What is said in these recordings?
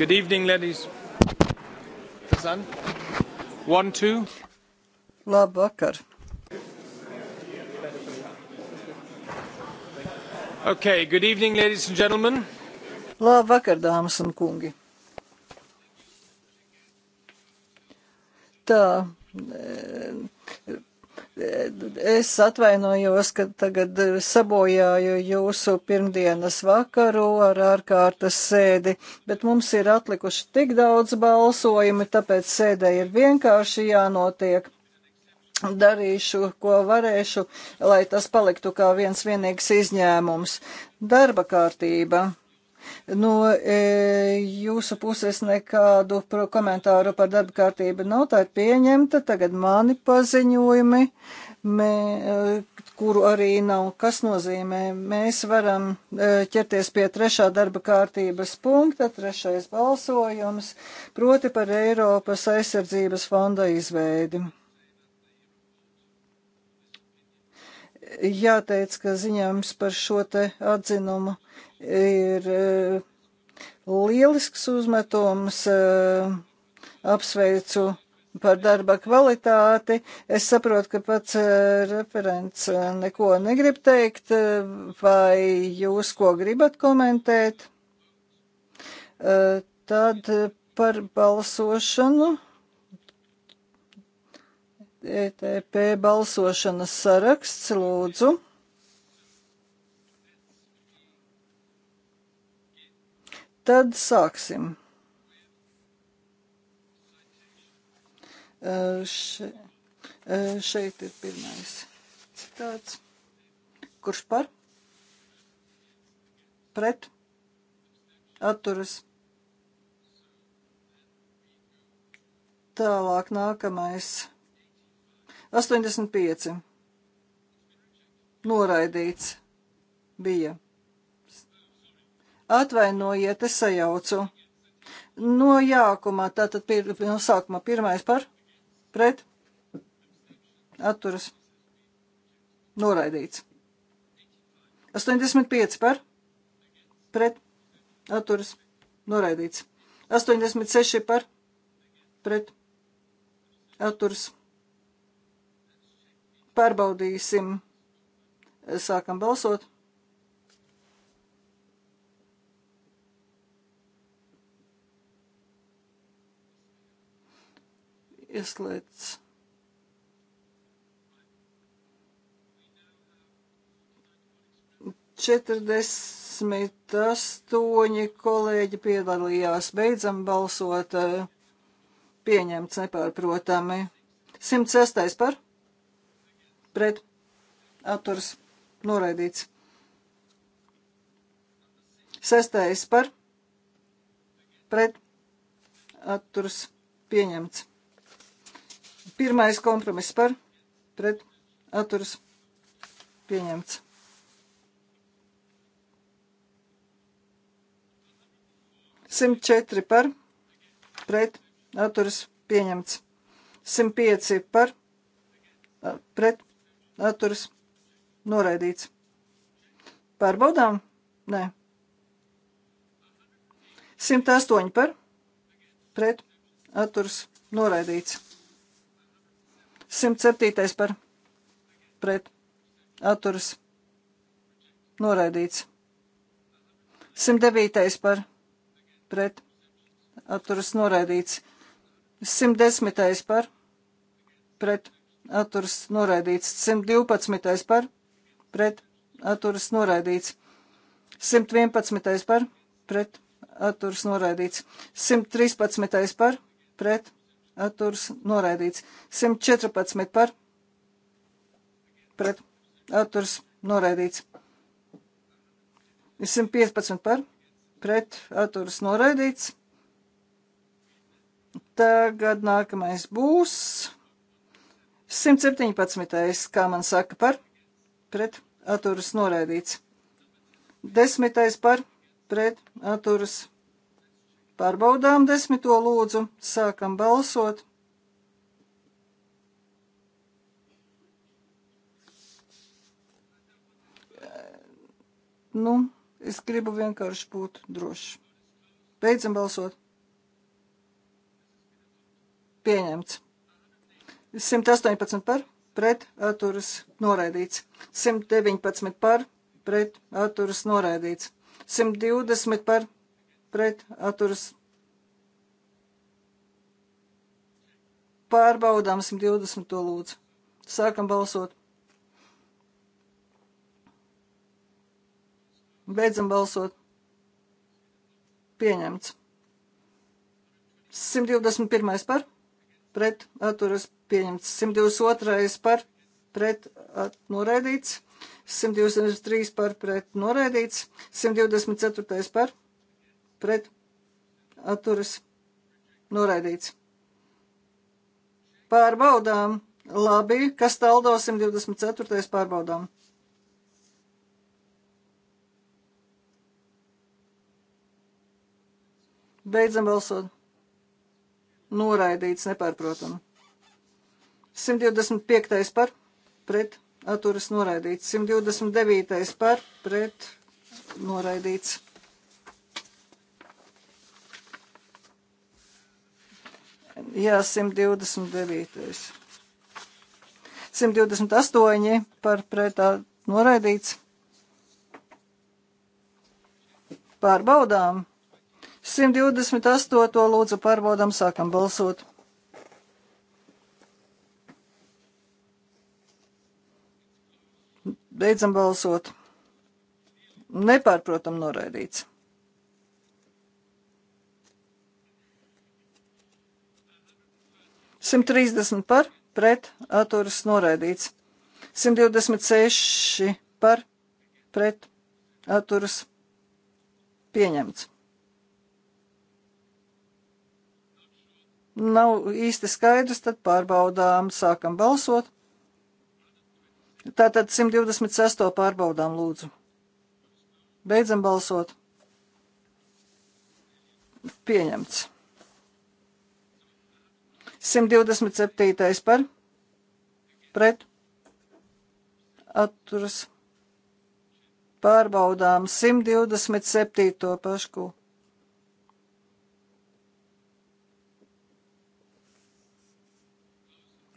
Good evening, ladies. Is on? One, two. Labvakar. Okay, good evening, ladies and gentlemen. Labvakar, dāmas un kungi. Tā, Es atvainojos, ka tagad eh, sabojāju jūsu pirmdienas vakaru ar ārkārtas sēdi, bet mums ir atlikuši tik daudz balsojumi, tāpēc sēdē ir vienkārši jānotiek darīšu, ko varēšu, lai tas paliktu kā viens vienīgs izņēmums. Darba kārtība. No e, jūsu puses nekādu komentāru par darba kārtību nav, tā ir pieņemta. Tagad mani paziņojumi, mē, e, kuru arī nav, kas nozīmē, mēs varam e, ķerties pie trešā darba kārtības punkta, trešais balsojums, proti par Eiropas aizsardzības fonda izveidi. Jāteic, ka ziņojums par šo te atzinumu ir eh, lielisks uzmetums. Eh, apsveicu par darba kvalitāti. Es saprotu, ka pats eh, referents neko negrib teikt, vai jūs ko gribat komentēt. Tad par balsošanu. ETP balsošanas saraksts, lūdzu. Tad sāksim. Še, šeit ir pirmais citāts. Kurš par? Pret? Atturas. Tālāk nākamais. 85. Noraidīts bija. Atvainojiet, es sajaucu. No jākumā, tātad pir, no sākumā pirmais par, pret, atturas, noraidīts. 85 par, pret, atturas, noraidīts. 86 par, pret, atturas. Pārbaudīsim. Sākam balsot. ieslēgts. Četrdesmit astoņi kolēģi piedalījās. Beidzam balsot. Pieņemts nepārprotami. 106. par. Pret. Atturs. Noraidīts. Sestais par pret atturs pieņemts. Pirmais kompromiss par pret atturas pieņemts. Simt četri par pret atturas pieņemts. Simt pieci par pret atturas noraidīts. Pārbaudām? Nē. 108 par pret atturas noraidīts. 107. par pret atturas noraidīts. 109. par pret atturas noraidīts. 110. par pret atturas noraidīts. 112. par pret atturas noraidīts. 111. par pret atturas noraidīts. 113. par pret atturs noraidīts. 114 par pret atturs noraidīts. 115 par pret atturs noraidīts. Tagad nākamais būs 117. kā man saka par pret atturas noraidīts. Desmitais par pret atturas Pārbaudām desmito lūdzu, sākam balsot. Nu, es gribu vienkārši būt drošs. Beidzam balsot. Pieņemts. 118 par, pret, atturas noraidīts. 119 par, pret, atturas noraidīts. 120 par, pret atturas pārbaudām 120. lūdzu. Sākam balsot. Beidzam balsot. Pieņemts. 121. par pret atturas pieņemts. 122. par pret at, noraidīts. 123 par pret noraidīts. 124 par pret pret atturas noraidīts. Pārbaudām. Labi, kas taldo 124. pārbaudām. Beidzam balsot. Noraidīts, nepārprotam. 125. par pret atturas noraidīts. 129. par pret noraidīts. Jā, 129. 128 par pretā noraidīts. Pārbaudām. 128. lūdzu pārbaudām, sākam balsot. Beidzam balsot. Nepārprotam noraidīts. 130 par pret atturas noraidīts. 126 par pret atturas pieņemts. Nav īsti skaidrs, tad pārbaudām, sākam balsot. Tātad 126. pārbaudām lūdzu. Beidzam balsot. Pieņemts. 127. par pret atturas pārbaudām 127. pašku.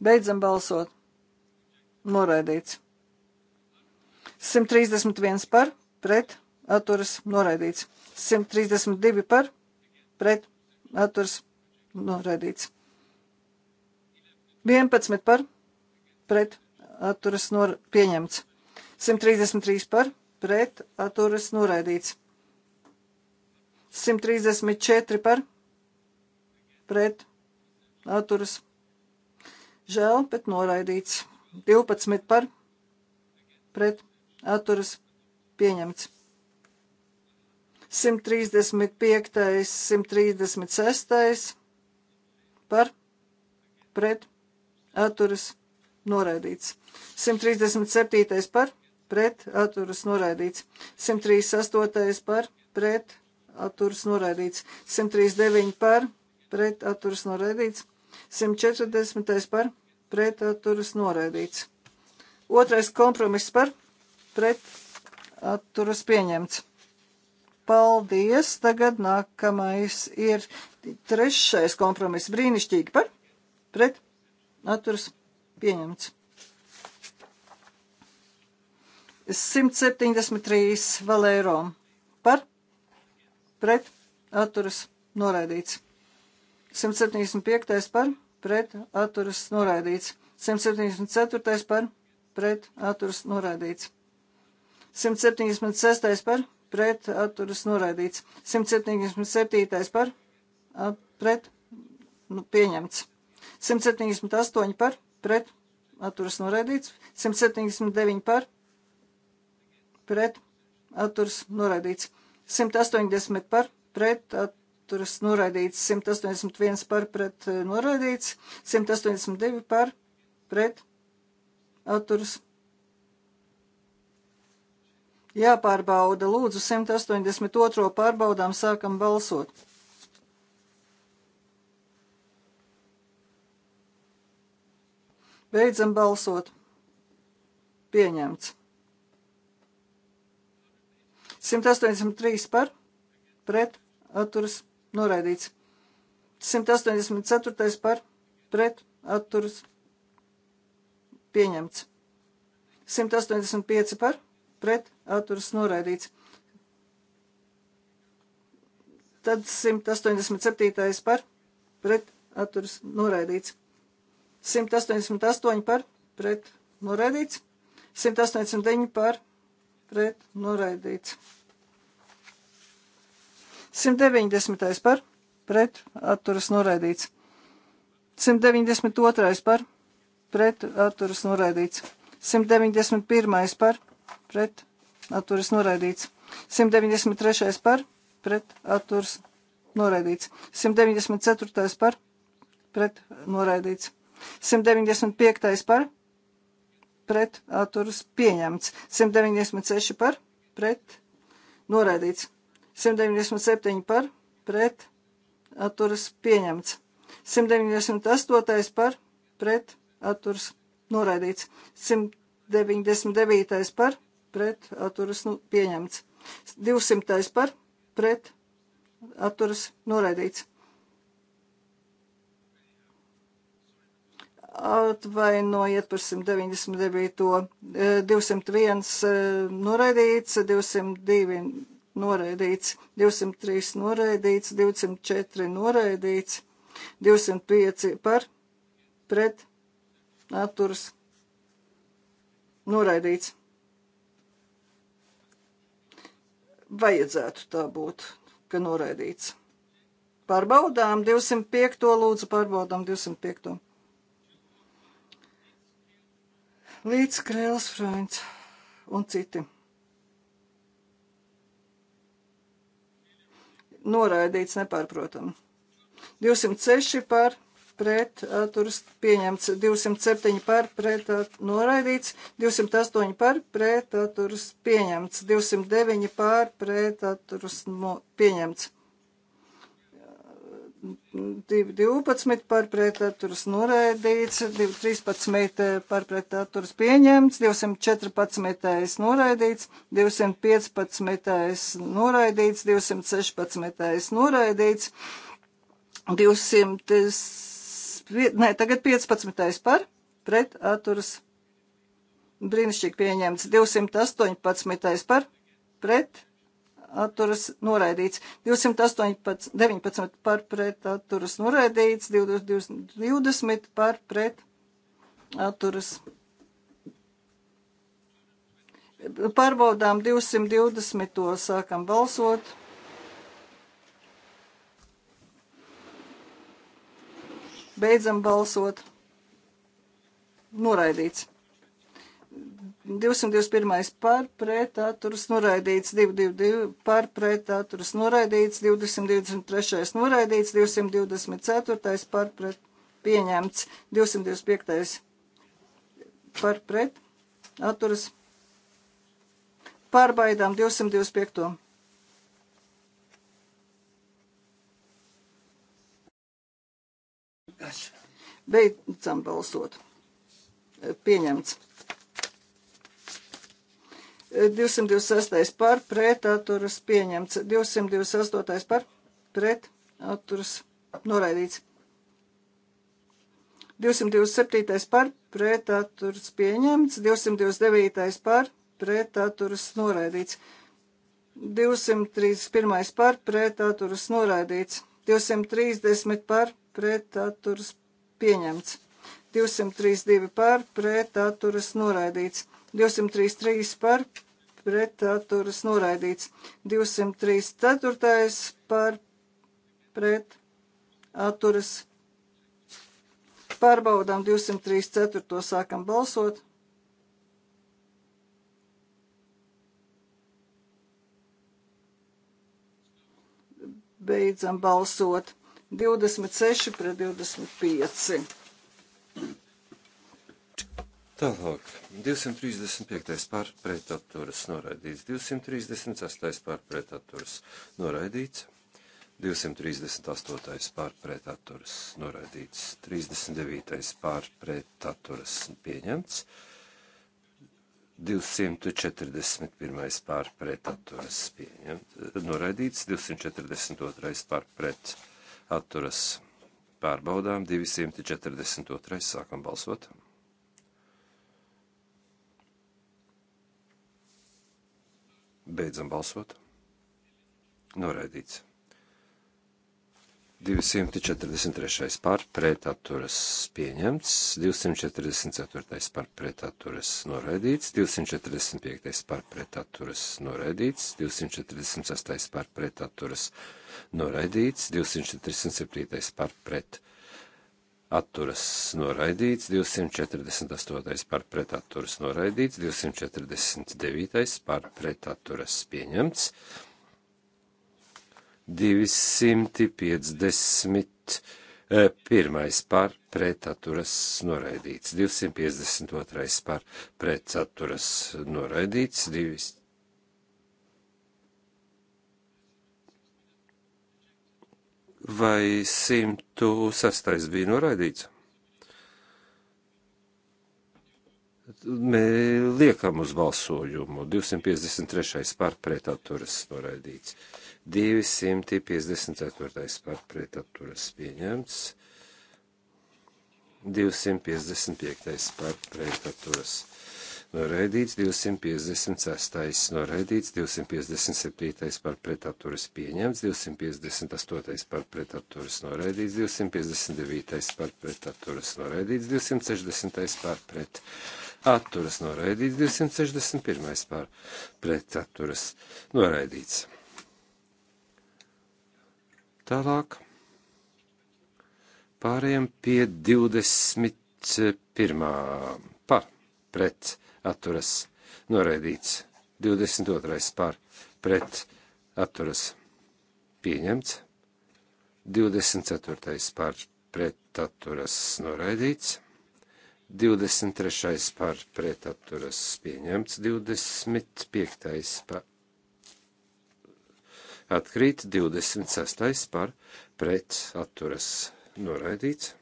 Beidzam balsot. Noraidīts. 131 par, pret, atturas, noraidīts. 132 par, pret, atturas, noraidīts. 11 par pret atturas nor pieņemts. 133 par pret atturas noraidīts. 134 par pret atturas. Žēl, bet noraidīts. 12 par pret atturas pieņemts. 135, 136 par pret atturas noraidīts. 137. par pret atturas noraidīts. 138. par pret atturas noraidīts. 139 par pret atturas noraidīts. 140 par pret atturas noraidīts. Otrais kompromiss par pret atturas pieņemts. Paldies! Tagad nākamais ir trešais kompromiss. Brīnišķīgi par pret Atturs pieņemts. 173 valēro par pret atturas noraidīts. 175 par pret atturas noraidīts. 174 par pret atturas noraidīts. 176 par pret atturas noraidīts. 177 par at, pret nu, pieņemts. 178 par pret atturas noraidīts, 179 par pret atturas noraidīts, 180 par pret atturas noraidīts, 181 par pret eh, noraidīts, 182 par pret atturas jāpārbauda. Lūdzu, 182 pārbaudām sākam balsot. Beidzam balsot. Pieņemts. 183 par, pret, atturas, noraidīts. 184 par, pret, atturas, pieņemts. 185 par, pret, atturas, noraidīts. Tad 187 par, pret, atturas, noraidīts. 188 par pret noraidīts, 189 par pret noraidīts. 190. par pret atturas noraidīts. 192. par pret atturas noraidīts. 191. par pret atturas noraidīts. 193. par pret atturas noraidīts. 194. par pret noraidīts. 195. par pret atturas pieņemts. 196 par pret noraidīts. 197 par pret atturas pieņemts. 198 par pret atturas noraidīts. 199 par pret atturas nu, pieņemts. 200 par pret atturas noraidīts. Atvainojiet par 199, 201 e, e, noraidīts, 202 noraidīts, 203 noraidīts, 204 noraidīts, 205 par pret atturas noraidīts. Vajadzētu tā būt, ka noraidīts. Pārbaudām 205. lūdzu, pārbaudām 205. līdz Krēls Freunds un citi. Noraidīts nepārprotam. 206 par pret, atturas pieņemts 207 par pret, noraidīts 208 par pret, atturas pieņemts 209 par pret, atturas pieņemts. 212 par pretaturas noraidīts, 213 eh, par pretaturas pieņemts, 214 noraidīts, 215 noraidīts, 216 noraidīts, 200, ne, tagad 15 par pretaturas brīnišķīgi pieņemts, 218 par pretaturas atturas noraidīts. 219 par pret atturas noraidīts, 20 par pret atturas. Pārbaudām 220, to sākam balsot. Beidzam balsot. Noraidīts. 221 par pret atturas noraidīts, 222 par pret atturas noraidīts, 223 noraidīts, 224 par pret pieņemts, 225 par pret atturas pārbaidām 225. Beidzam balsot. Pieņemts. 226. par pret atturas pieņemts. 228. par pret atturas noraidīts. 227. par pret atturas pieņemts. 229. par pret atturas noraidīts. 231. par pret atturas noraidīts. 230 par pret atturas pieņemts. 232 par pret atturas noraidīts. 233 par pretaturas noraidīts. 234 par pretaturas pārbaudām 234 sākam balsot. Beidzam balsot 26 pret 25. Tālāk, 235. pārpretaturas noraidīts, 236. pārpretaturas noraidīts, 238. pārpretaturas noraidīts, 39. pārpretaturas pieņemts, 241. pārpretaturas pieņemts, noraidīts, 242. pārpretaturas pārbaudām, 242. sākam balsot. Beidzam balsot. Noraidīts. 243. par pretaturas pieņemts, 244. par pretaturas noraidīts, 245. par pretaturas noraidīts, 246. par pretaturas noraidīts, 247. par pretaturas atturas noraidīts, 248. par pretaturas noraidīts, 249. par pretaturas pieņemts, 251. Eh, par pretaturas noraidīts, 252. par pretaturas noraidīts, 200. vai 106. bija noraidīts? Mēs liekam uz balsojumu 253. pārpretaturas noraidīts, 254. pārpretaturas pieņemts, 255. pārpretaturas pieņemts noraidīts 256, noraidīts 257 par pretaturas pieņemts, 258 par pretaturas noraidīts, 259 par pretaturas noraidīts, 260 par pretaturas noraidīts, 261 par pretaturas noraidīts. Tālāk pārējiem pie 21. par pret atturas noraidīts. 22. par pret atturas pieņemts. 24. par pret atturas noraidīts. 23. par pret atturas pieņemts. 25. par atkrīt. 26. par pret atturas noraidīts.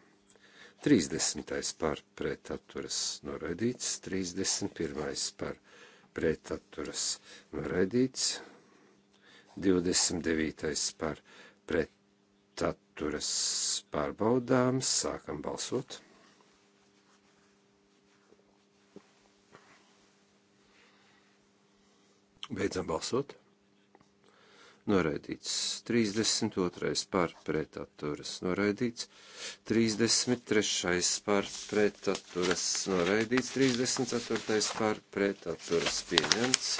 30. par pretaturas noraidīts, 31. par pretaturas noraidīts, 29. par pretaturas pārbaudām, sākam balsot. Beidzam balsot noraidīts. 32. par pretaturas noraidīts. 33. par pretaturas noraidīts. 34. par pretaturas pieņemts.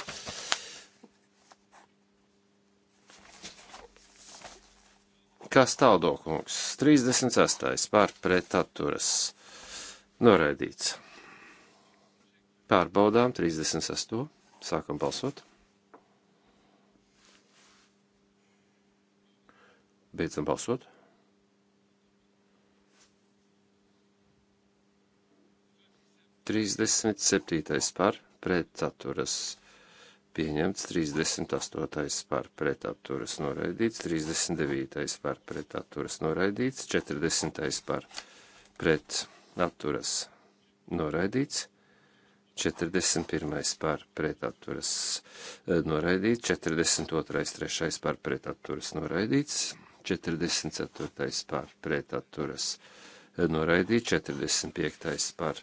Kā stāvdokungs. 36. par pretaturas noraidīts. Pārbaudām 36. Sākam balsot. Beidzam balsot. Trīsdesmit septītais par pretaturas pieņemts, trīsdesmit astotais par pretaturas noraidīts, trīsdesmit par pretaturas noraidīts, četrdesmitais par pretaturas noraidīts. 41. par pretaturas eh, noraidīts, 42. trešais par pretaturas noraidīts, 44. Eh, par pret atturas noraidīts, 45. par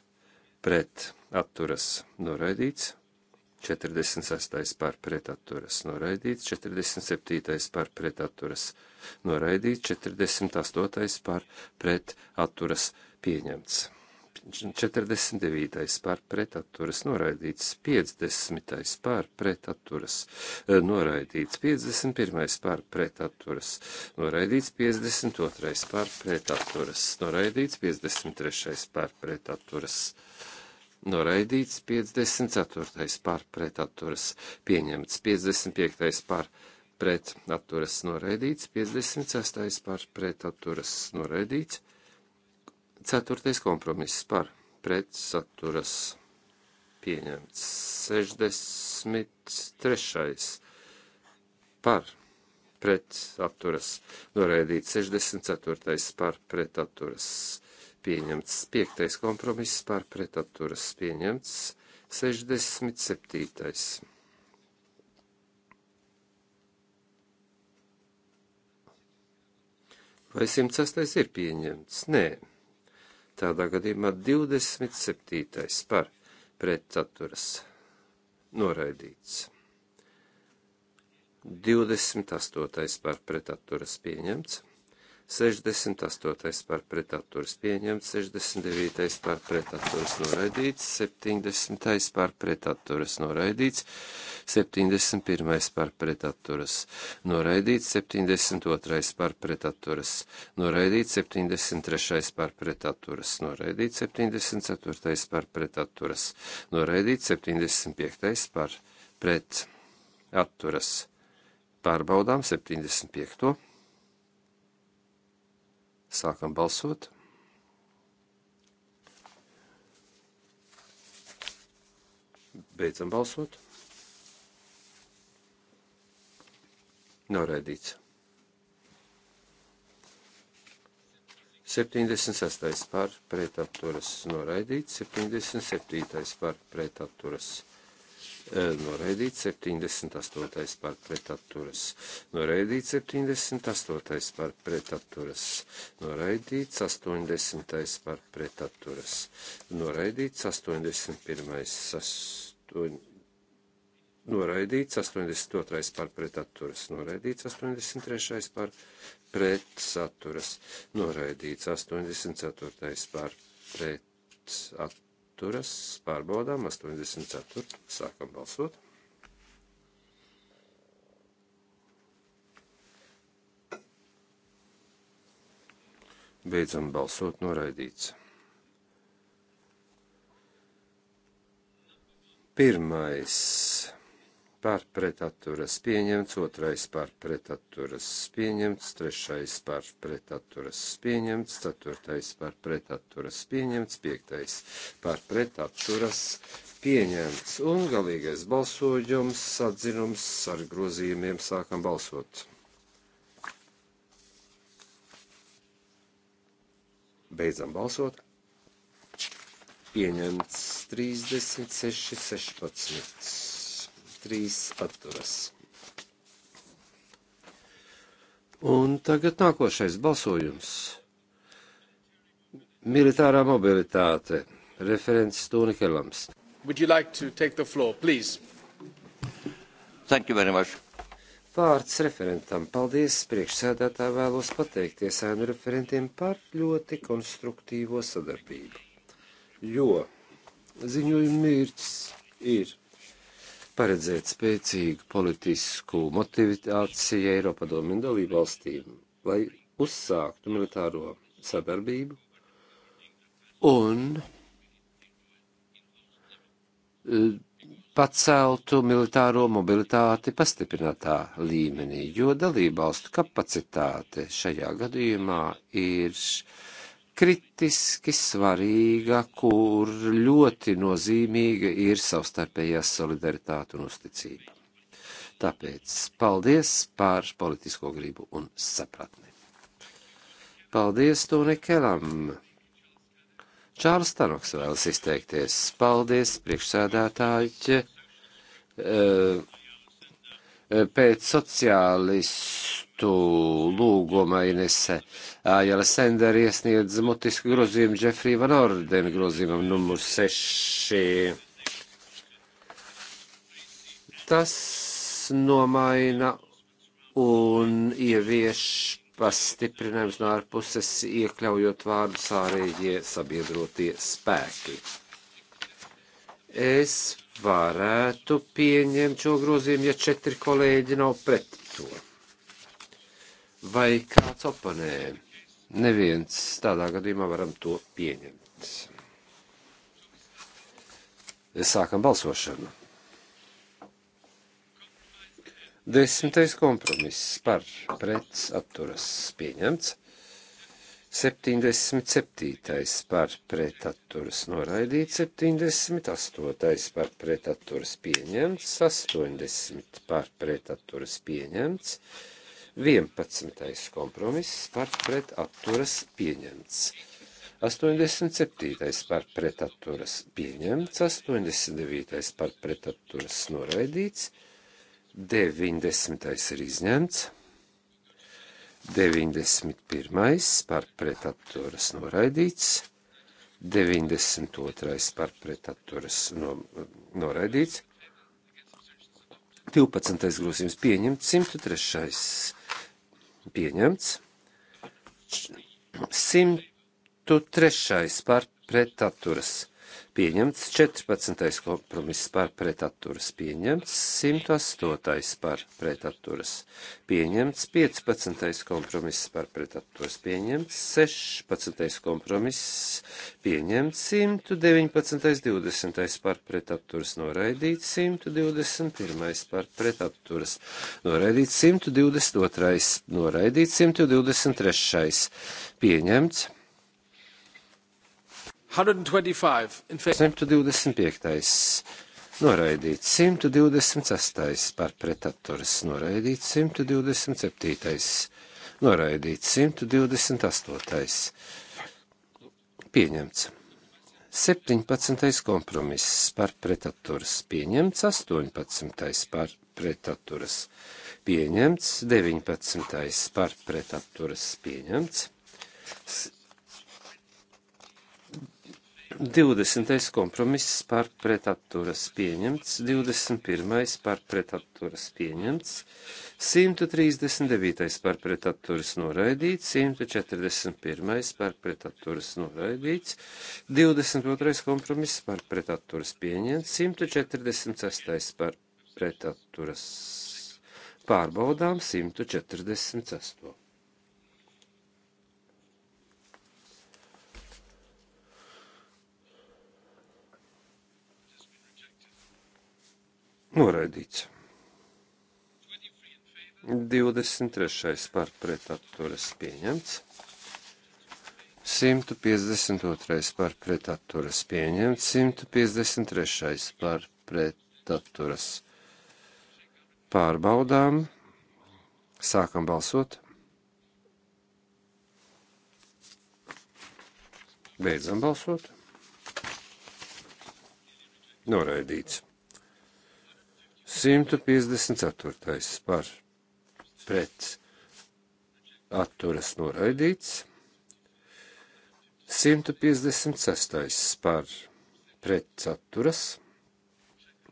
pret atturas noraidīts, 46. par pretaturas noraidīts, 47. par pretaturas noraidīts, 48. par pretaturas pieņemts. 49. par pretaturas noraidīts, 50. par pretaturas e, noraidīts, 51. par pretaturas noraidīts, 52. par pretaturas noraidīts, 53. par pretaturas noraidīts, 54. par pretaturas pieņemts, 55. par pretaturas noraidīts, 56. par pretaturas noraidīts. Ceturtais kompromiss par pretsaturas pieņemts. 63. par pretaturas noraidīts. 64. par pretaturas pieņemts. 5. kompromiss par pretaturas pieņemts. 67. Vai 106. ir pieņemts? Nē. Tādā gadījumā 27. par pretaturas noraidīts. 28. par pretaturas pieņemts. 68. par pretatturas pieņemts, 69. par pretatturas noraidīts, 70. par pretatturas noraidīts, 71. par pretatturas noraidīts, 72. par pretatturas noraidīts, 73. par pretatturas noraidīts, 74. par pretatturas noraidīts, 75. par pretatturas pārbaudām 75. Sākam balsot. Beidzam balsot. Noraidīts. 76. par pretapturas noraidīts, 77. par pretapturas noraidīt 78. par pretaturas, noraidīt 78. par pretaturas, noraidīts 80. par pretaturas, noraidīts 81. Astoņ... Noraidīts 82. par pretaturas, noraidīts 83. par pretsaturas, noraidīts 84. par pretsaturas atturas pārbaudām 84. Sākam balsot. Beidzam balsot noraidīts. Pirmais par pretaturas pieņemts, otrais par pretaturas pieņemts, trešais par pretaturas pieņemts, ceturtais par pretaturas pieņemts, piektais par pretaturas pieņemts. Un galīgais balsojums, atzinums ar grozījumiem sākam balsot. Beidzam balsot. Pieņemts 36, 16. 3 atturas. Un tagad nākošais balsojums. Militārā mobilitāte. Referents Stūni Kelams. Would you like to take the floor, please? Thank you very much. Vārds referentam. Paldies, priekšsēdētā vēlos pateikties ēnu referentiem par ļoti konstruktīvo sadarbību. Jo ziņojuma mērķis ir paredzēt spēcīgu politisku motivāciju Eiropadomu un dalību valstīm, lai uzsāktu militāro sadarbību un eh, paceltu militāro mobilitāti pastiprinātā līmenī, jo dalībvalstu kapacitāte šajā gadījumā ir uh, kritiski svarīga, kur ļoti nozīmīga ir savstarpējā solidaritāte un uzticība. Tāpēc paldies par politisko gribu un sapratni. Paldies Toni Kelam! Čārls Tanoks vēlas izteikties. Paldies, priekšsēdētāji! Uh, Eh, pēc sociālistu lūguma Inese Ājala Sendera iesniedz mutisku grozījumu Džefrī Van Ordena grozījumam numur 6. Tas nomaina un ievieš pastiprinājums no ārpuses, iekļaujot vārdus ārējie sabiedrotie spēki. Es varētu pieņemt šo grozījumu, ja četri kolēģi nav pret to. Vai kāds oponē? Neviens tādā gadījumā varam to pieņemt. Sākam balsošanu. Desmitais kompromiss par pret atturas pieņemts. 77. par pretaturas noraidīts, 78. par pretaturas pieņemts, 80. par pretaturas pieņemts, 11. kompromiss par pretaturas pieņemts, 87. par pretaturas pieņemts, 89. par pretaturas noraidīts, 90. ir izņemts. 91. par pretatturas noraidīts, 92. par pretatturas no, noraidīts, 12. grozījums pieņemts, 103. pieņemts, 103. par pretatturas noraidīts pieņemts, 14. kompromiss par pretatturas pieņemts, 108. par pretatturas pieņemts, 15. kompromiss par pretatturas pieņemts, 16. kompromiss pieņemts, 119. 20. par pretatturas noraidīts, 121. par pretatturas noraidīts, 122. noraidīts, 123. pieņemts. 125. 125. Noraidīts 126. par pretaturas, noraidīts 127. Noraidīts 128. Pieņemts. 17. kompromiss par pretaturas pieņemts, 18. par pretaturas pieņemts, 19. par pretaturas pieņemts, 20. kompromiss par pretapturas pieņemts, 21. par pretapturas pieņemts, 139. par pretapturas noraidīts, 141. par pretapturas noraidīts, 22. kompromiss par pretapturas pieņemts, 146. par pretapturas pārbaudām 148. Noraidīts. 23. par pretatturas pieņemts. 152. par pretatturas pieņemts. 153. par pretatturas pārbaudām. Sākam balsot. Beidzam balsot. Noraidīts. 154. par pret atturas noraidīts. 156. par pret atturas.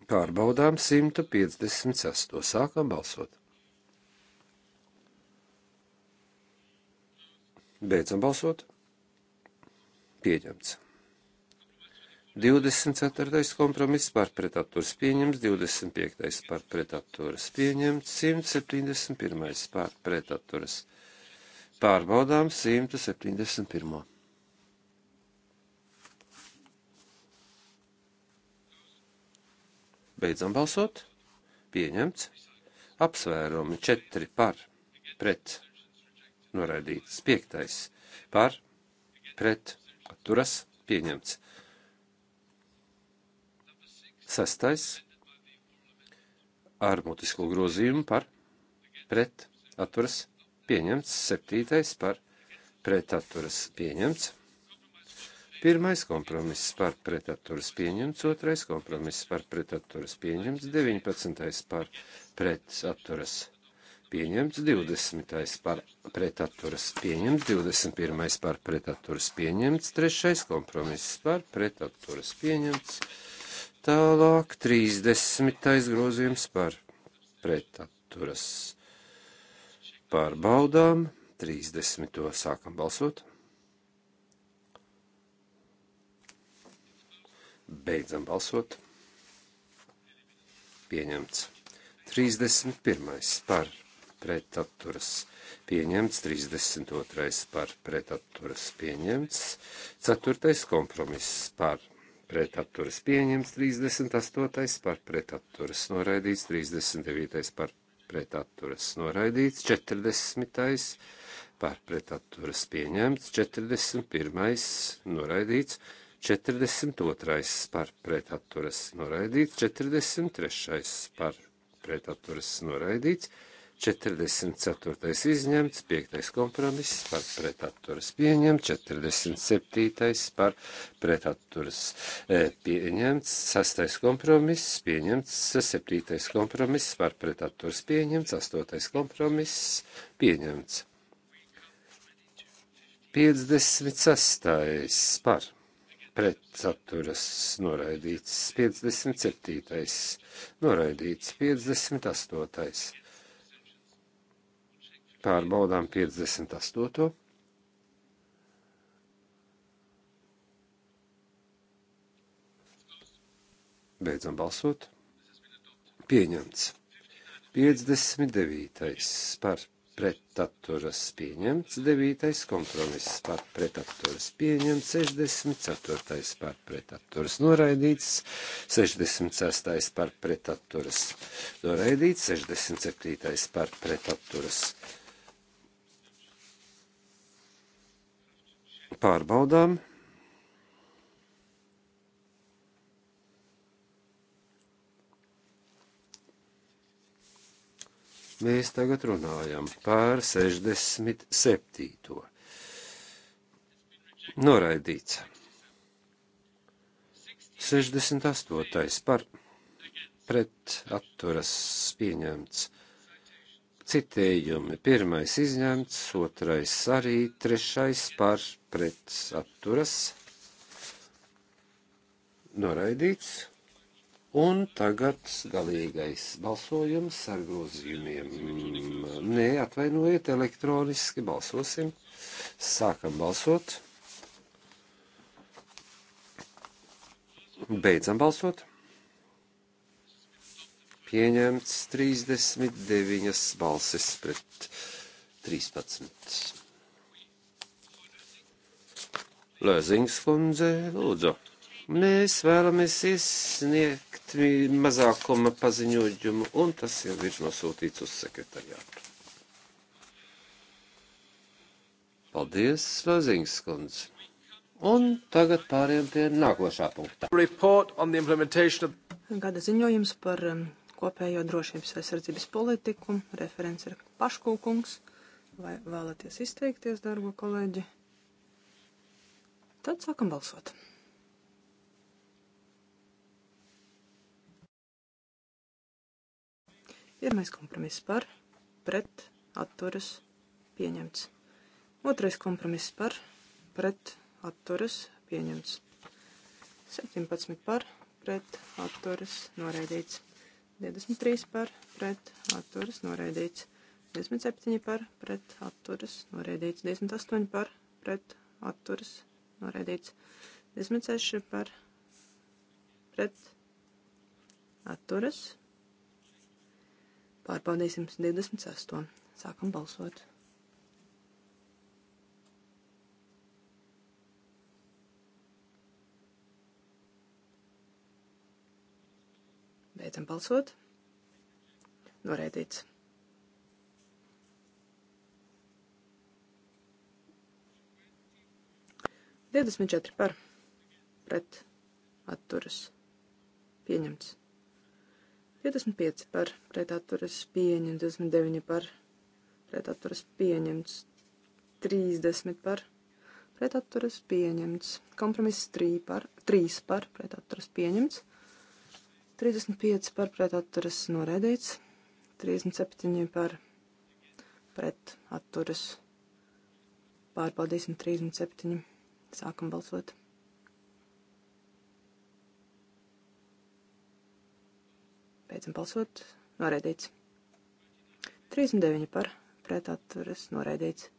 Pārbaudām 156. Sākam balsot. Beidzam balsot. Pieņemts. 24. kompromiss par pretaturas pieņemts, 25. par pretaturas pieņemts, 171. par pretaturas pārbaudām 171. Beidzam balsot. Pieņemts. Apsvērumi 4 par pret noraidīts. 5. par pret atturas pieņemts. Sestais ar mutisko grozījumu par pret atturas pieņemts. Septītais par pret atturas pieņemts. Pirmais kompromiss par pretaturas pieņemts, otrais kompromiss par pretaturas pieņemts, 19. par pretaturas pieņemts, 20. par pretaturas pieņemts, 21. par pretaturas pieņemts, trešais kompromiss par pretaturas pieņemts. Tālāk 30. grozījums par pretaturas pārbaudām. 30. sākam balsot. Beidzam balsot. Pieņemts. 31. par pretaturas pieņemts, 32. par pretaturas pieņemts, 4. kompromiss par pretatturas pieņemts, 38. par pretatturas noraidīts, 39. par pretatturas noraidīts, 40. par pretatturas pieņemts, 41. noraidīts, 42. par pretatturas noraidīts, 43. par pretatturas noraidīts, 43. 44. izņemts, 5. kompromiss par pretatturas pieņemts, 47. par pretatturas e, pieņemts, 6. kompromiss pieņemts, 7. kompromiss par pretatturas pieņemts, 8. kompromiss pieņemts. 56. par pretsaturas noraidīts, 57. noraidīts, 58 pārbaudām 58. Beidzam balsot. Pieņemts. 59. par pretaturas pieņemts, 9. kompromiss par pretaturas pieņemts, 64. par pretaturas noraidīts, 66. par pretaturas noraidīts, 67. par pretaturas noraidīts Pārbaudām. Mēs tagad runājam par 67. Noraidīts. 68. par pret atturas pieņemts. Citējumi. Pirmais izņemts, otrais arī, trešais par pret atturas noraidīts. Un tagad galīgais balsojums ar grozījumiem. Nē, atvainojiet, elektroniski balsosim. Sākam balsot. Beidzam balsot. Pieņemts 39 balsis pret 13. Lēziņas kundze, lūdzu. Mēs vēlamies iesniegt mazākuma paziņojumu, un tas jau ir nosūtīts uz sekretariātu. Paldies, Lēziņas kundze. Un tagad pāriem pie nākošā punkta. Gada ziņojums par um, kopējo drošības aizsardzības politiku. Referents ir Paškūkungs. Vai vēlaties izteikties, darbo kolēģi? Tad sākam balsot. Pirmais kompromiss par, pret, atturas, pieņemts. Otrais kompromiss par, pret, atturas, pieņemts. 17 par, pret, atturas, noraidīts. 23 par, pret, atturas, noraidīts. 27 par, pret, atturas, noraidīts. 28 par, pret, atturas, noraidīts. 26 par pret atturas. Pārbaudīsim 28. Sākam balsot. Beidzam balsot. Noraidīts. 24 par pret atturas pieņemts. 25 par pret atturas pieņemts, 29 par pret atturas pieņemts, 30 par pret atturas pieņemts, kompromiss 3 par, 3 par pret atturas pieņemts, 35 par pret atturas noraidīts, 37 par pret atturas pārbaudīsim 37. Sākam balsot. Beidzam balsot. Noraidīts. 39 par pret atturas noraidīts.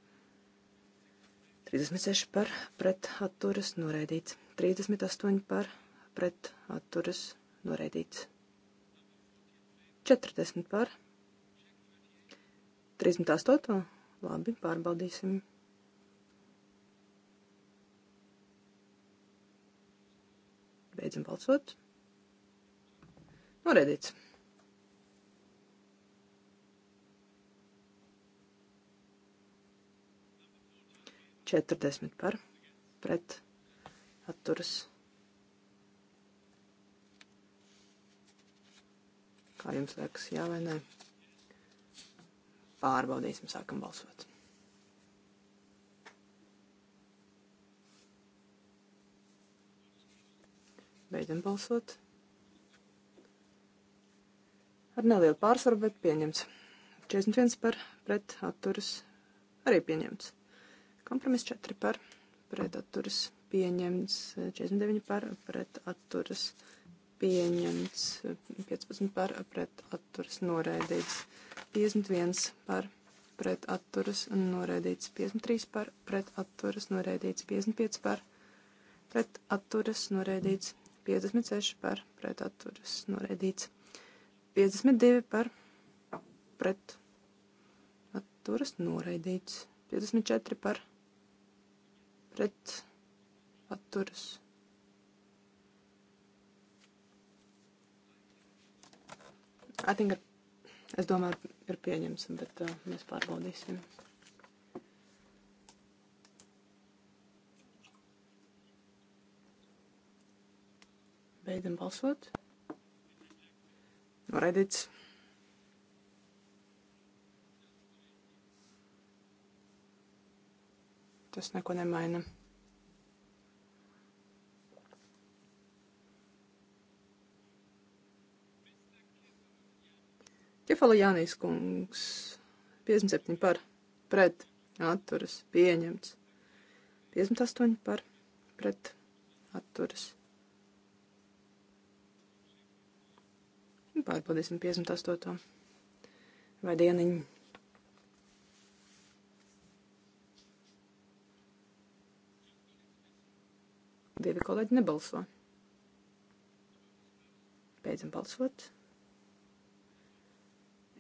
36 par pret atturas noraidīts. 38 par pret atturas noraidīts. 40 par 38. Labi, pārbaudīsim. Beidzam balsot. Noredīts. Četrdesmit par pret atturas. Kā jums liekas, jā vai nē? Pārbaudīsim, sākam balsot. Beidzam balsot. Ar nelielu pārsvaru, bet pieņemts. 41 par pret atturas arī pieņemts. Kompromiss 4 par pret atturas pieņemts. 49 par pret atturas pieņemts. 15 par pret atturas noraidīts. 51 par pret atturas noraidīts. 53 par pret atturas noraidīts. 55 par pret atturas noraidīts. 56 par pretaturas noraidīts. 52 par pretaturas noraidīts. 54 par pretaturas. I think, ar, es domāju, ir pieņemsim, bet uh, mēs pārbaudīsim. Beidzam balsot. Noraidīts. Tas neko nemaina. Kefala Jānis kungs 57 par pret atturas pieņemts. 58 par pret atturas pieņemts. Pārbaudīsim 58. vai dieniņu. Divi kolēģi nebalso. Beidzam balsot.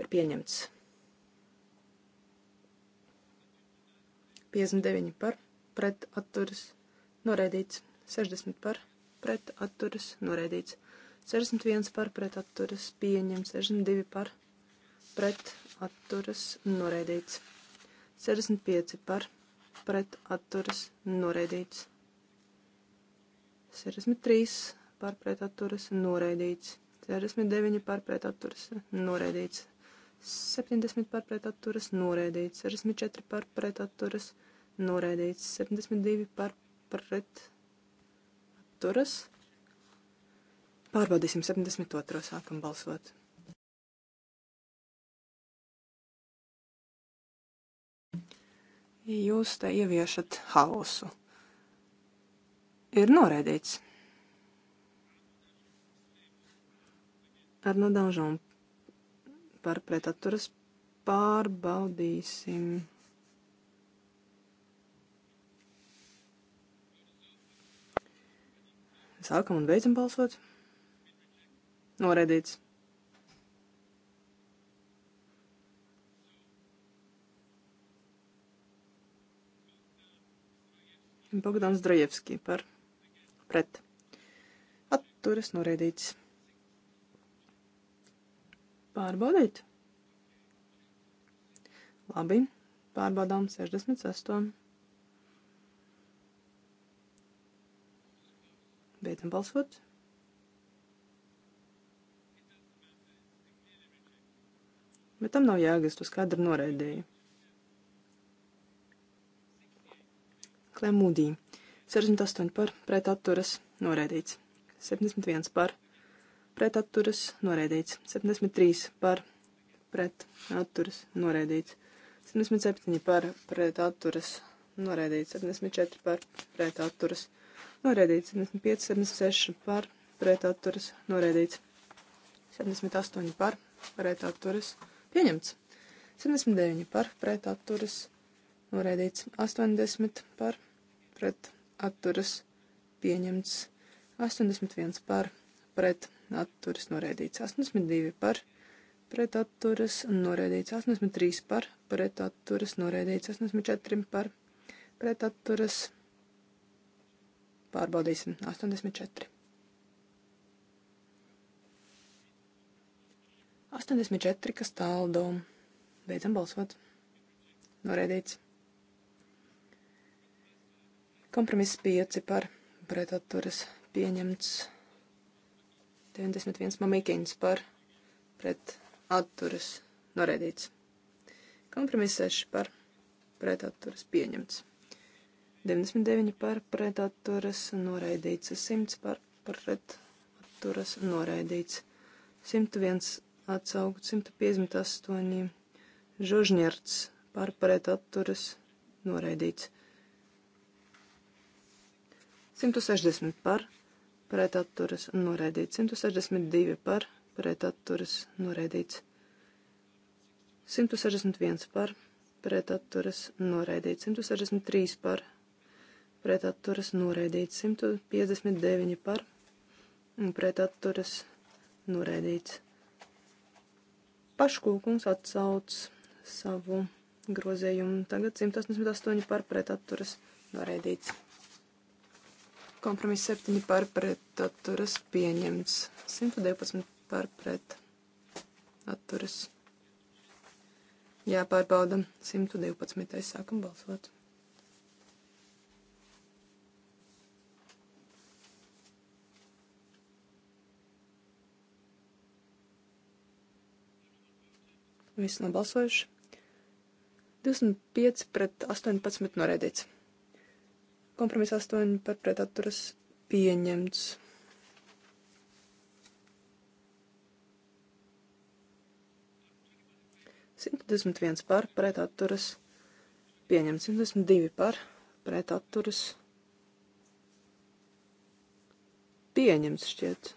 Ir pieņemts. 59 par pret atturas noraidīts. 60 par pret atturas noraidīts. 61 par pret atturas pieņemts, 62 par pret atturas noraidīts, 65 par pret atturas noraidīts, 63 par pret atturas noraidīts, 69 par pret atturas noraidīts. 70 pārpretatturas noraidīts, 64 pārpretatturas noraidīts, 72 pārpretatturas Pārbaudīsim 72. sākam balsot. Jūs te ieviešat hausu. Ir noraidīts. Ar nodažām par pretaturas pārbaudīsim. Sākam un beidzam balsot. Noraidīts. Bogdans Drajevski par pret. Atturas noraidīts. Pārbaudīt. Labi, pārbaudām 68. Beidzam balsot. Bet tam nav jēgas, to skaidri noraidīja. Klemūdī. 68 par pret atturas noraidīts. 71 par pret atturas noraidīts. 73 par pret atturas noraidīts. 77 par pret atturas noraidīts. 74 par pret atturas noraidīts. 75, 76 par pret atturas noraidīts. 78 par pret atturas noraidīts. Pieņemts. 79 par pret atturas noraidīts. 80 par pret atturas pieņemts. 81 par pret atturas noraidīts. 82 par pret atturas noraidīts. 83 par pret atturas noraidīts. 84 par pret atturas pārbaudīsim. 84. 84, kas tāldo. Beidzam balsot. Noreidīts. Kompromiss 5 par pretaturas pieņemts. 91 mamīkiņas par pretaturas noreidīts. Kompromiss 6 par pretaturas pieņemts. 99 par pretaturas noraidīts, 100 par pretaturas noraidīts, 101 atsaukt 158. Žožņerts par pret atturas noraidīts. 160 par pret atturas noraidīts. 162 par pret atturas noraidīts. 161 par pret atturas noraidīts. 163 par pret atturas noraidīts. 159 par pret atturas noraidīts. Paškūkungs atsauc savu grozējumu. Tagad 188 par pret atturas noraidīts. Kompromiss 7 par pret atturas pieņemts. 112 par pret atturas. Jāpārbauda 112. Sākam balsot. Visi nobalsojuši. 25 pret 18 noraidīts. Kompromiss 8 par pret atturas pieņemts. Simt desmit viens par pret atturas pieņemts. Simt desmit divi par pret atturas pieņemts šķiet.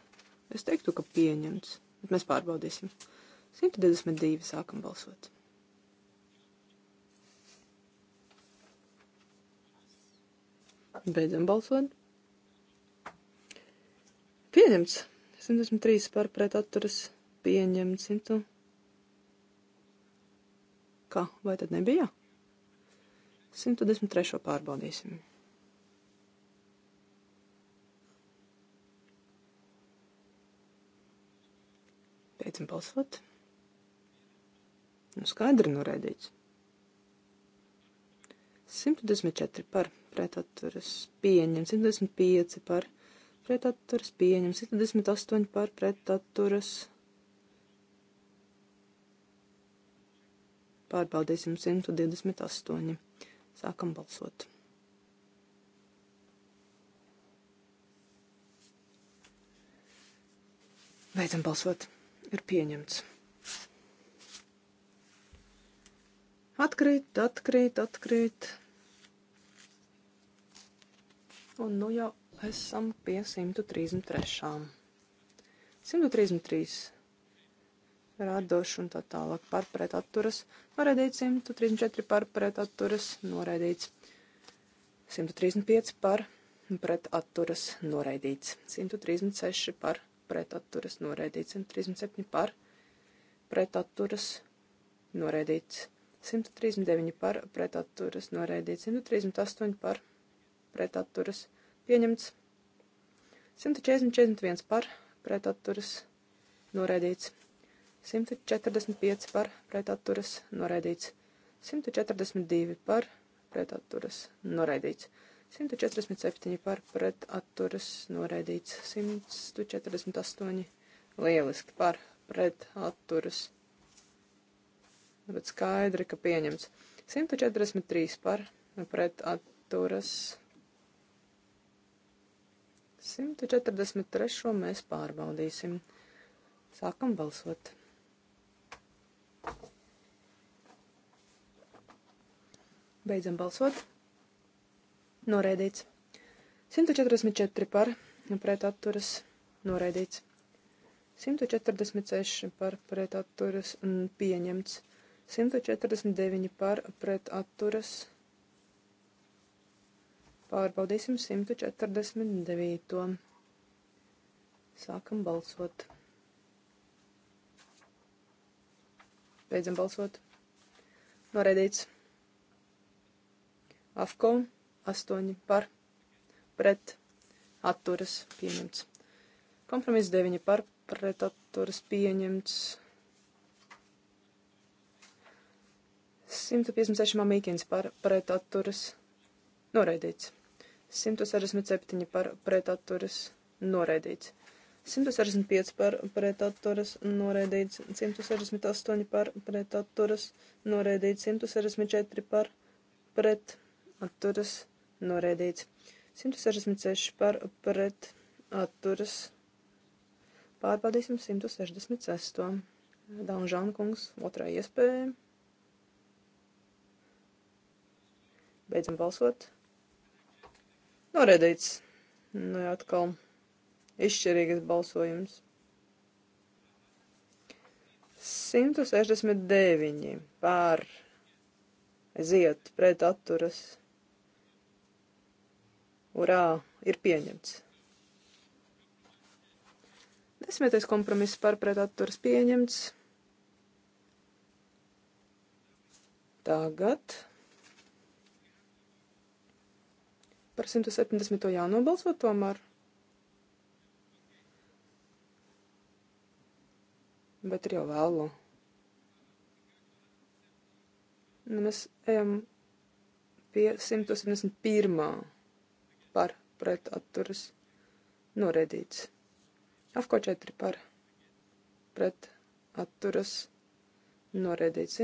Es teiktu, ka pieņemts, bet mēs pārbaudīsim. 112. 122 sākam balsot. Beidzam balsot. Pieņemts. 123 par pret atturas pieņemts. 100. Kā? Vai tad nebija? 123 pārbaudīsim. Beidzam balsot. Nu, skaidri noraidīts. 124 par pretaturas pieņem, 125 par pretaturas pieņem, 128 par pretaturas. Pārbaudīsim 128. Sākam balsot. Beidzam balsot. Ir pieņemts. Atkrīt, atkrīt, atkrīt. Un nu jau esam pie 133. 133 radoši un tā tālāk pārpret atturas, noraidīts 134 pārpret atturas, noraidīts 135 par pret atturas, noraidīts 136 par pret atturas, noraidīts 137 par pret atturas, noraidīts 139 par pretatturas noraidīts, 138 par pretatturas pieņemts, 140-41 par pretatturas noraidīts, 145 par pretatturas noraidīts, 142 par pretatturas noraidīts, 147 par pretatturas noraidīts, 148 lieliski par pretatturas noraidīts bet skaidri, ka pieņemts. 143 par pret atturas. 143 mēs pārbaudīsim. Sākam balsot. Beidzam balsot. Noraidīts. 144 par pret atturas. Noraidīts. 146 par pret atturas pieņemts. 149 par pret atturas. Pārbaudīsim 149. Sākam balsot. Beidzam balsot. Noraidīts. AFCO 8 par pret atturas pieņemts. Kompromiss 9 par pret atturas pieņemts. 156 mamīkins par pretatturas noraidīts. 167 par pretatturas noraidīts. 165 par pretatturas noraidīts. 168 par pretatturas noraidīts. 164 par pretatturas noraidīts. 166 par pretatturas. Pārbaudīsim 166. Danžānkungs, otrā iespēja. Beidzam balsot. Noredīts. Nu, jā, atkal izšķirīgas balsojums. 169 pār ziet pret atturas. Urā, ir pieņemts. Desmitais kompromiss par pret atturas pieņemts. Tagad Par 170. jānobalso tomēr. Bet ir jau vēlu. Nu, mēs ejam pie 171. par pret atturas noredīts. Afko 4 par pret atturas noredīts.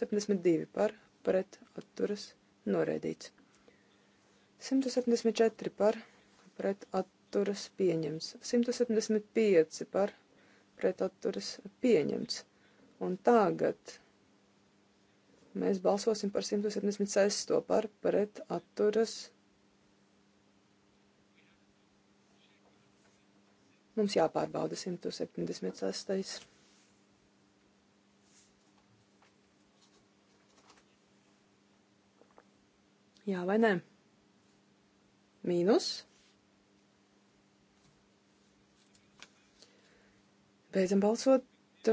172 par pret atturas noredīts. 174 par pret atturas pieņemts. 175 par pret atturas pieņemts. Un tagad mēs balsosim par 176 par pret atturas. Mums jāpārbauda 176. Jā vai nē? mīnus. Beidzam balsot,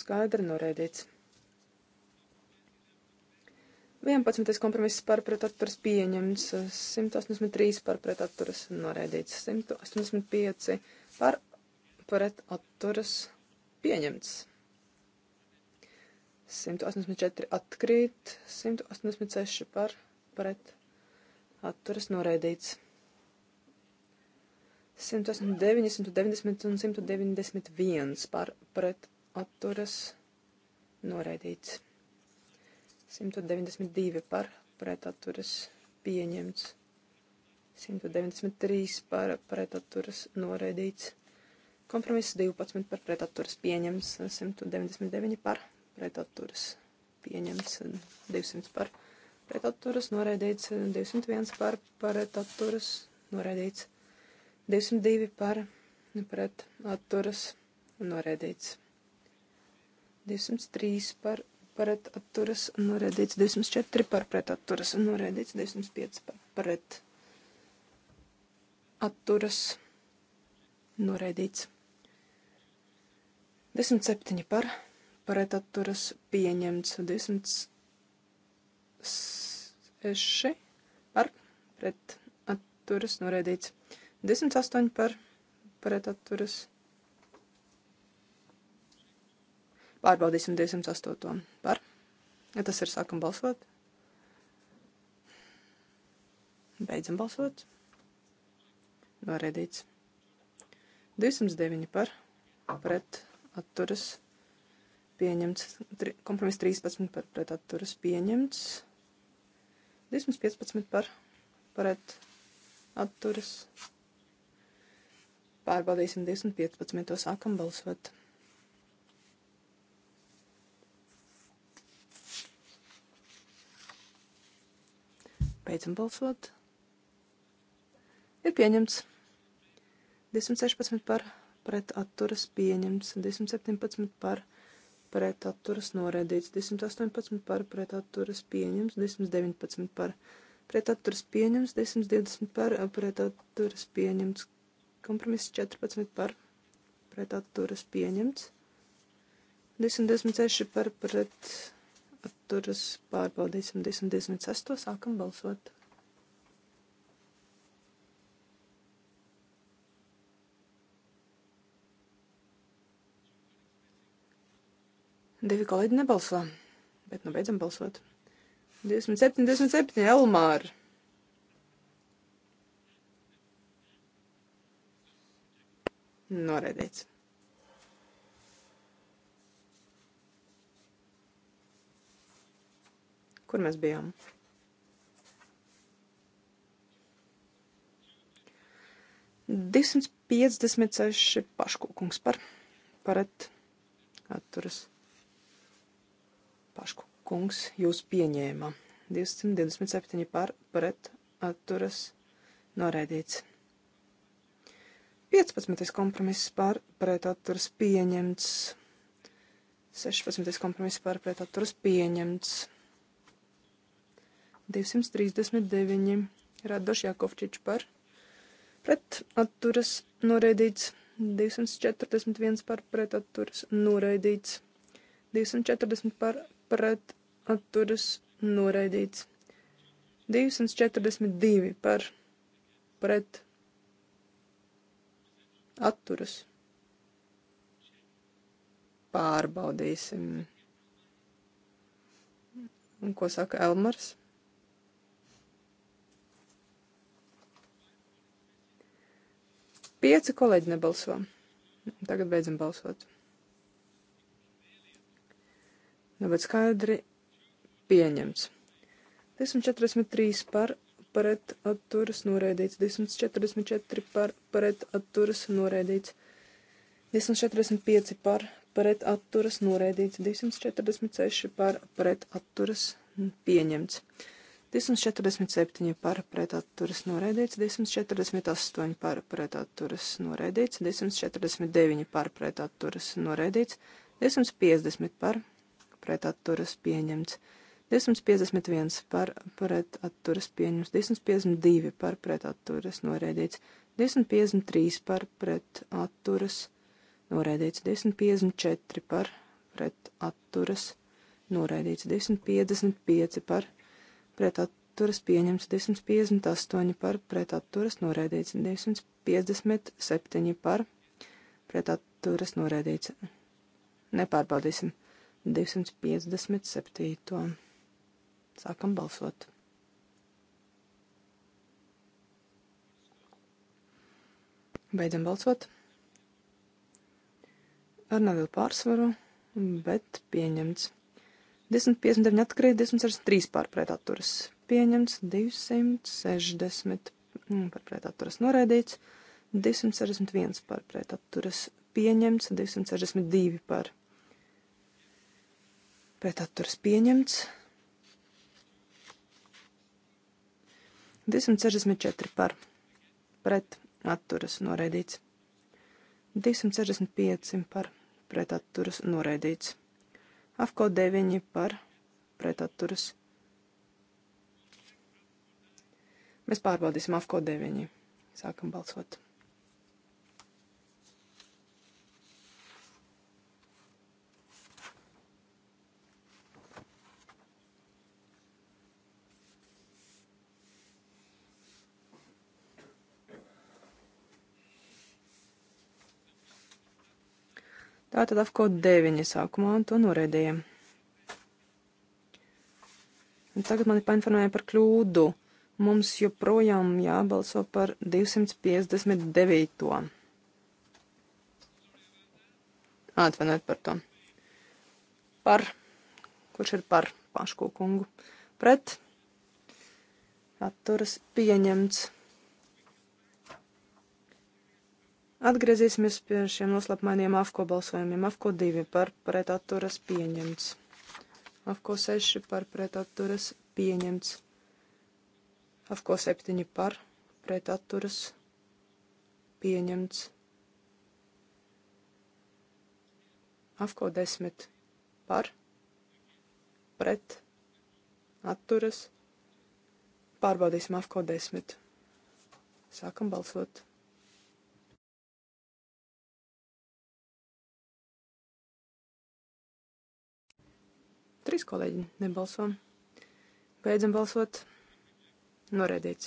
skaidri noraidīts. 11. kompromiss par pretatturas pieņemts, 183 par pretatturas noraidīts, 185 par pretatturas pieņemts. 184 atkrīt, 186 par pret atturas noraidīts. 189, 190 un 191 par pret atturas noraidīts. 192 par pret atturas pieņemts. 193 par pret atturas noraidīts. Kompromiss 12 par pret atturas pieņemts. 199 par pret atturas pieņemts. 200 par pret atturas pieņemts pretaturas noraidīts, 201 eh, par pretaturas noraidīts, 202 par pretaturas noraidīts, 203 par pretaturas noraidīts, 204 par pretaturas noraidīts, 205 par pretaturas noraidīts, 207 par pretaturas pieņemts, 200. 6 par pret atturas noraidīts. 108 par pret atturas. Pārbaudīsim 208 par. Ja tas ir sākam balsot. Beidzam balsot. Noraidīts. 209 par pret atturas pieņemts. Kompromiss 13 par pret atturas pieņemts. 215 par pret atturas. Pārbaudīsim 215. sākam balsot. Beidzam balsot. Ir pieņemts. 216 par pret atturas pieņemts. 217 par pret atturas pretatturas noraidīts, 218 par pretatturas pieņems, 219 par pretatturas pieņems, 220 par pretatturas pieņemts, kompromiss 14 par pretatturas pieņemts, 216 par pretatturas pārbaudīsim, 216 sākam balsot. Divi kolēģi nebalso, bet nu beidzam balsot. 27, 27, Elmāra. Noraidīts. Kur mēs bijām? Divsimt piecdesmit seši paškūkums par paret atturas Pašku kungs jūs pieņēma. 227 par pret atturas noraidīts. 15. kompromiss par pret atturas pieņemts. 16. kompromiss par pret atturas pieņemts. 239 Radoš Jakovčič par pret atturas noraidīts. 241 par pret atturas noraidīts. 240 par pret atturas noraidīts. 242 par pret atturas. Pārbaudīsim. Un ko saka Elmars? Pieci kolēģi nebalso. Tagad beidzam balsot. Nu, bet skaidri pieņemts. 243 par pret atturas noraidīts, 244 par pret atturas noraidīts, 245 par pret atturas noraidīts, 246 par pret atturas pieņemts, 247 par pret atturas noraidīts, 248 par pret atturas noraidīts, 249 par pret atturas noraidīts, 250 par pret atturas noraidīts pret atturas pieņemts. 251 par pret atturas pieņemts. 252 par pret atturas noraidīts. 253 par pret atturas noraidīts. 254 par pret atturas noraidīts. 255 par pret atturas pieņemts. 258 par pret atturas noraidīts. 257 par pret atturas noraidīts. Nepārbaudīsim. 257. Sākam balsot. Beidzam balsot. Ar nelielu pārsvaru, bet pieņemts. 259 atkrīt, 263 pārpret atturas. Pieņemts 260 mm, pārpret atturas noraidīts, 261 pārpret atturas pieņemts, 262 pārpret pret atturas pieņemts. 264 par pret atturas noraidīts. 265 par pret atturas noraidīts. Afko 9 par pret atturas. Mēs pārbaudīsim Afko 9. Sākam balsot. Tātad afko 9 sākumā un to noraidīja. Un tagad mani painformēja par kļūdu. Mums joprojām jābalso par 259. Atvainojiet par to. Par. Kurš ir par pašu kungu? Pret. Atturas pieņemts. Atgriezīsimies pie šiem noslapmainiem AFCO balsojumiem. AFCO 2 par pretatturas pieņemts. AFCO 6 par pretatturas pieņemts. AFCO 7 par pretatturas pieņemts. AFCO 10 par pret atturas. Pārbaudīsim AFCO 10. Sākam balsot. Trīs kolēģi nebalso. Beidzam balsot. Noraidīts.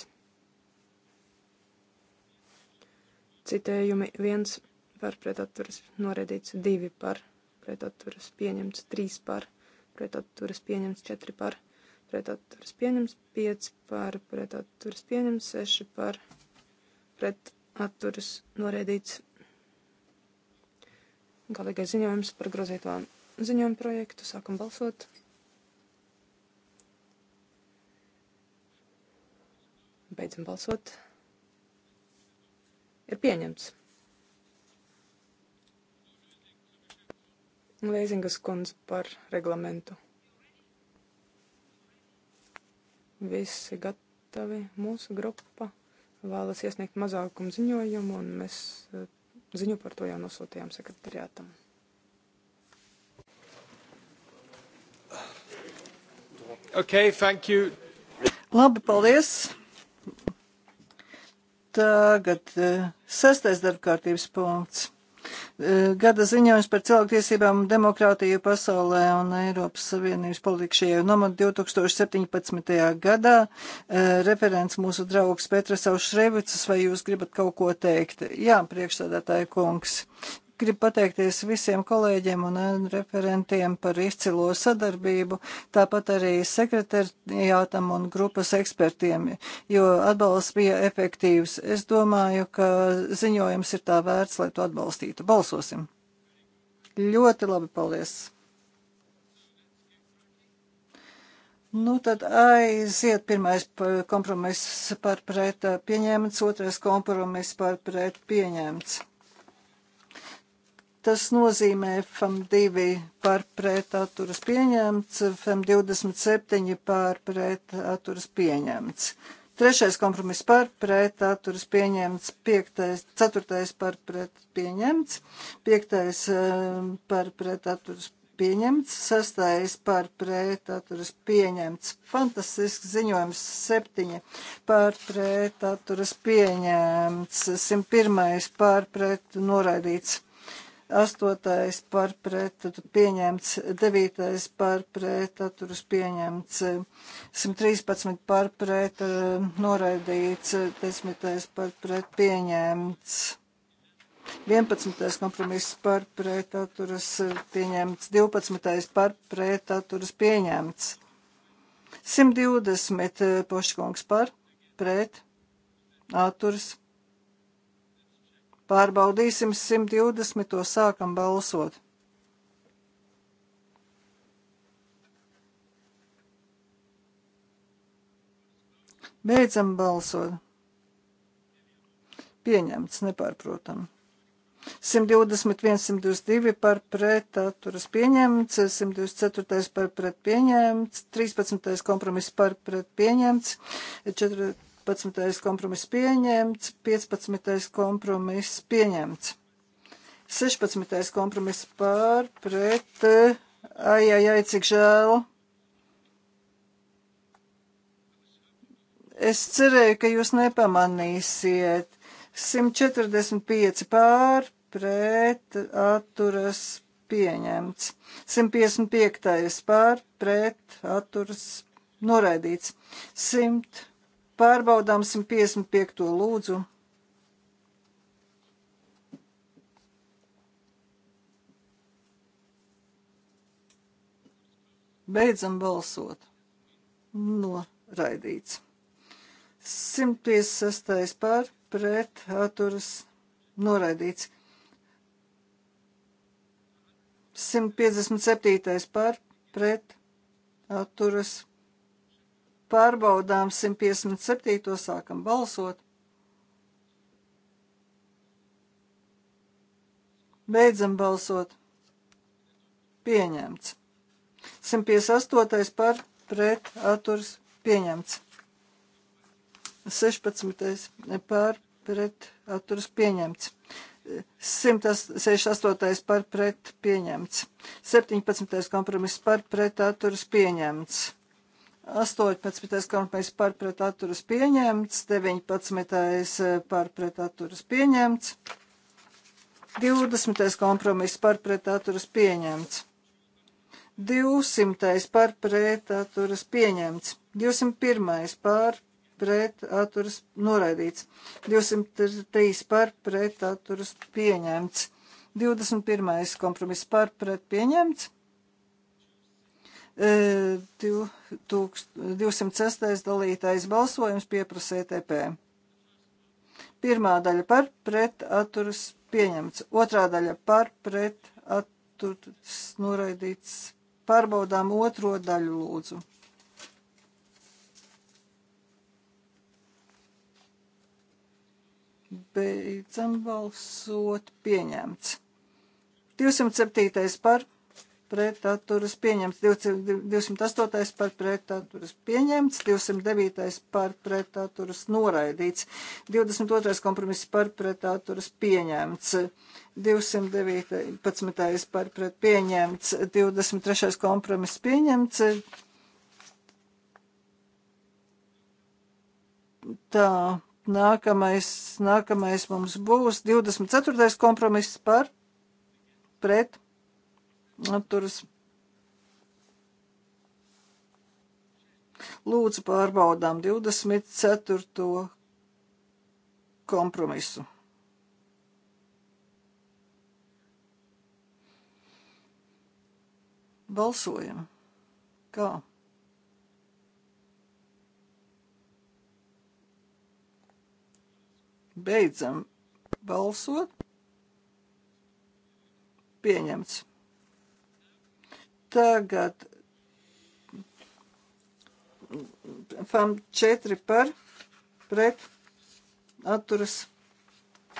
Citējumi viens par pretatturas noraidīts, divi par pretatturas pieņemts, trīs par pretatturas pieņemts, četri par pretatturas pieņemts, pieci par pretatturas pieņemts, seši par pretatturas noraidīts. Galīgais ziņojums par grozītām ziņojumu projektu. Sākam balsot. Beidzam balsot. Ir pieņemts. Lēzingas kundze par reglamentu. Visi gatavi, mūsu grupa vēlas iesniegt mazākumu ziņojumu, un mēs eh, ziņu par to jau nosūtījām sekretariātam. Okay, thank you. Labi, paldies. Tagad eh, sestais darbkārtības punkts. Eh, gada ziņojums par cilvēktiesībām, demokrātiju pasaulē un Eiropas Savienības politiku šajā nomad 2017. gadā. Eh, referents mūsu draugs Petras Aušrevicas, vai jūs gribat kaut ko teikt? Jā, priekšsādātāja kungs. Gribu pateikties visiem kolēģiem un referentiem par izcilo sadarbību, tāpat arī sekretariātam un grupas ekspertiem, jo atbalsts bija efektīvs. Es domāju, ka ziņojums ir tā vērts, lai to atbalstītu. Balsosim! Ļoti labi, paldies! Nu, tad aiziet pirmais kompromiss par pret pieņēmts, otrais kompromiss par pret pieņēmts. Tas nozīmē FM2 par pret atturas pieņemts, FM27 par pret atturas pieņemts. Trešais kompromiss par pret atturas pieņemts, piektais, ceturtais par pret pieņemts, piektais um, par pret atturas pieņemts, sastais par pret atturas pieņemts. Fantastisks ziņojums septiņi par pret atturas pieņemts, 101 par pret noraidīts. 8. par pretaturas pieņemts, 9. par pretaturas pieņemts, 113 par pret eh, noraidīts, 10. par pret pieņemts. 11. kompromiss par pretaturas eh, pieņemts, 12. par pretaturas pieņemts, 120 eh, poškungs par pret atturas pieņemts Pārbaudīsim 120. sākam balsot. Beidzam balsot. Pieņemts, nepārprotam. 121, 122 par pret atturas pieņemts, 124 par pret pieņemts, 13. kompromiss par pret pieņemts, 4. 14. kompromiss pieņemts, 15. kompromiss pieņemts. 16. kompromiss pār pret, ai, ai, ai, cik žēl. Es cerēju, ka jūs nepamanīsiet. 145 pār pret atturas pieņemts. 155 pār pret atturas noraidīts. 100 Pārbaudām 155. lūdzu. Beidzam balsot. Noraidīts. 156. pār pret atturas noraidīts. 157. pār pret atturas noraidīts. Pārbaudām 157. sākam balsot. Beidzam balsot. Pieņemts. 158. par pret atturs pieņemts. 16. par pret atturs pieņemts. 168. par pret pieņemts. 17. kompromiss par pret atturs pieņemts. 18. kompromis pārpret atturas pieņemts, 19. Eh, pārpret atturas pieņemts, 20. kompromis pārpret atturas pieņemts, 200. pārpret atturas pieņemts, 201. pārpret atturas noraidīts, 203. pārpret atturas pieņemts, 21. kompromis pārpret pieņemts. 206. dalītais balsojums pieprasa ETP. Pirmā daļa par pret atturas pieņemts, otrā daļa par pret atturas noraidīts. Pārbaudām otro daļu lūdzu. Beidzam balsot pieņemts. 207. par pretaturas pieņemts, 208 par pretaturas pieņemts, 209 par pretaturas noraidīts, 22 kompromiss par pretaturas pieņemts, 219 par pret pieņemts, 23 kompromiss pieņemts. Tā, nākamais, nākamais mums būs 24. kompromiss par pret atturas. Lūdzu, pārbaudām 24. kompromisu. Balsojam. Kā? Beidzam balsot. Pieņemts. Tagad FAM 4 par pret atturas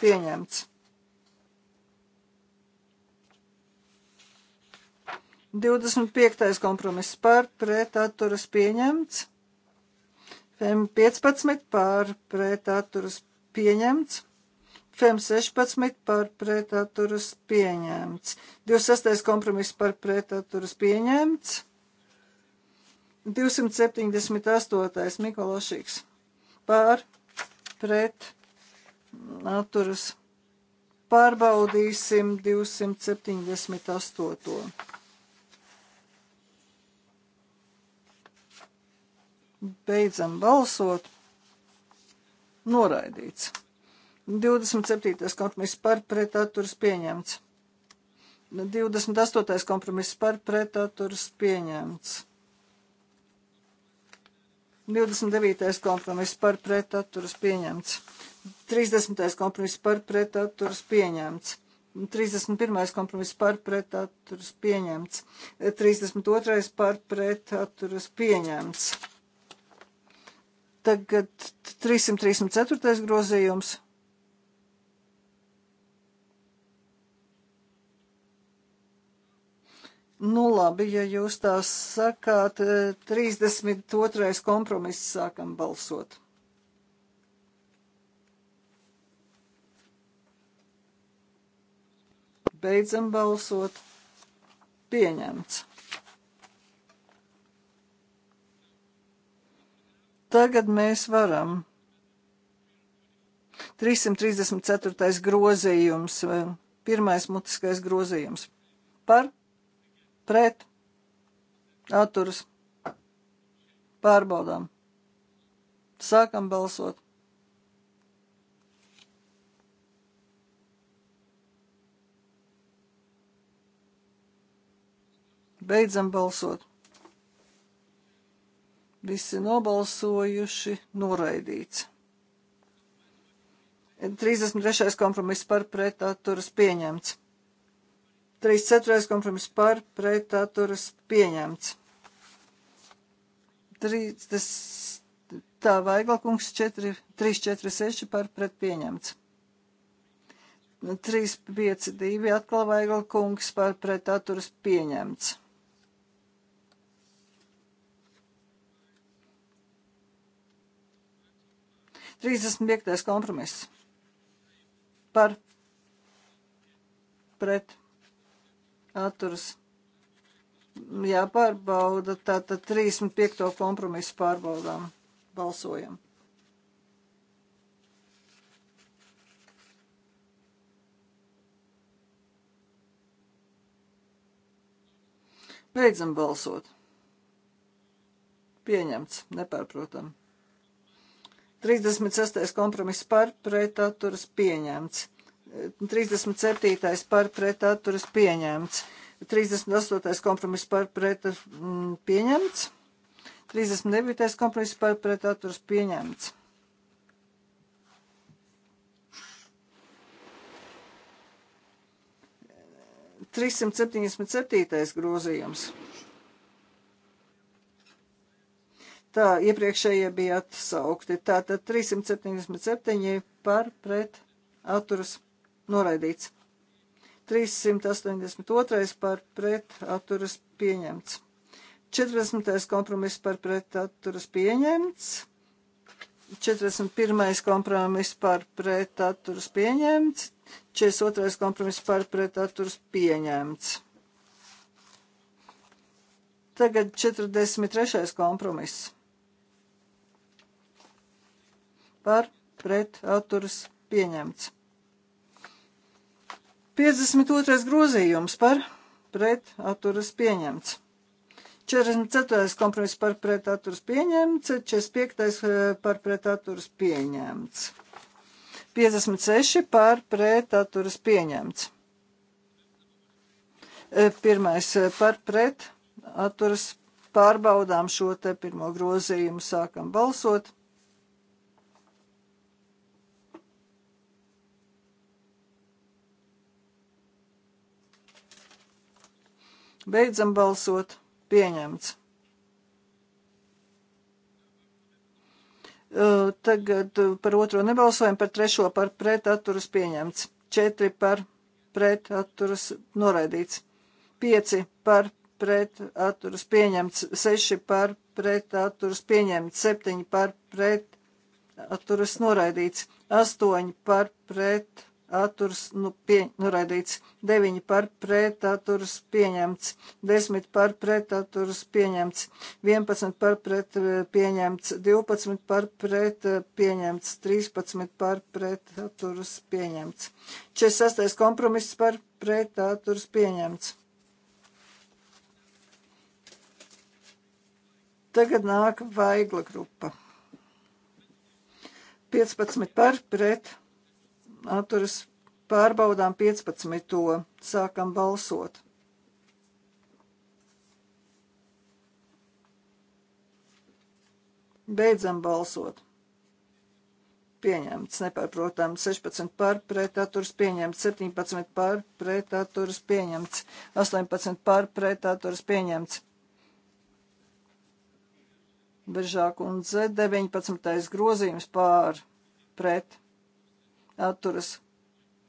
pieņemts. 25. kompromiss par pret atturas pieņemts. FEM 15 par pret atturas pieņemts. FM16 par pretaturas pieņemts. 26. kompromiss par pretaturas pieņemts. 278. Mikološīgs par pretaturas. Pārbaudīsim 278. Beidzam balsot. Noraidīts. 27. kompromiss par pretaturas pieņemts. 28. kompromiss par pretaturas pieņemts. 29. kompromiss par pretaturas pieņemts. 30. kompromiss par pretaturas pieņemts. 31. kompromiss par pretaturas pieņemts. 32. par pretaturas pieņemts. Tagad 334. grozījums Nu labi, ja jūs tā sakāt, 32. Eh, kompromiss sākam balsot. Beidzam balsot. Pieņemts. Tagad mēs varam. 334. grozījums, eh, pirmais mutiskais grozījums par pret atturas pārbaudām. Sākam balsot. Beidzam balsot. Visi nobalsojuši, noraidīts. 33. kompromiss par pretatturas pieņemts. 34. kompromiss par pret atturas pieņemts. 30, tā Vaiglkungs 4, 3, 4, 6 par pret pieņemts. 3, 5, 2 atkal Vaiglkungs par pret atturas pieņemts. Trīsdesmit piektais kompromiss par pret atturas jāpārbauda. Tātad 35. kompromisu pārbaudām. Balsojam. Beidzam balsot. Pieņemts, nepārprotam. 36. kompromiss par pretaturas pieņemts. 37. par pret atturas pieņemts. 38. kompromiss par pret mm, pieņemts. 39. kompromiss par pret atturas pieņemts. Trīssimt septiņdesmit septītais grozījums. Tā, iepriekšējie bija atsaukti. Tātad 377 par pret atturas pieņemts noraidīts. 382 par pret atturas pieņemts. 40. kompromiss par pret atturas pieņemts. 41. kompromiss par pret atturas pieņemts. 42. kompromiss par pret atturas pieņemts. Tagad 43. kompromiss par pret atturas pieņemts. 52. grozījums par pret atturas pieņemts. 44. kompromiss par pret atturas pieņemts, 45. Eh, par pret atturas pieņemts. 56 par pret atturas pieņemts. Eh, pirmais eh, par pret atturas pārbaudām šo te pirmo grozījumu, sākam balsot. Beidzam balsot. Pieņemts. Tagad par otro nebalsojam, par trešo par pret atturas pieņemts. Četri par pret atturas noraidīts. Pieci par pret atturas pieņemts. Seši par pret atturas pieņemts. Septiņi par pret atturas noraidīts. Astoņi par pret atturs nu, pie, noraidīts, 9 par pret atturs pieņemts, 10 par pret atturs pieņemts, 11 par pret eh, pieņemts, 12 par pret eh, pieņemts, 13 par pret atturs pieņemts, 46 kompromiss par pret atturs pieņemts. Tagad nāk vaigla grupa. 15 par pret atturas pārbaudām 15. sākam balsot. Beidzam balsot pieņemts, nepārprotams, 16 par pretaturs pieņemts, 17 par pretaturs pieņemts, 18 par pretaturs pieņemts. Beržāk un Z 19. grozījums pār pret atturas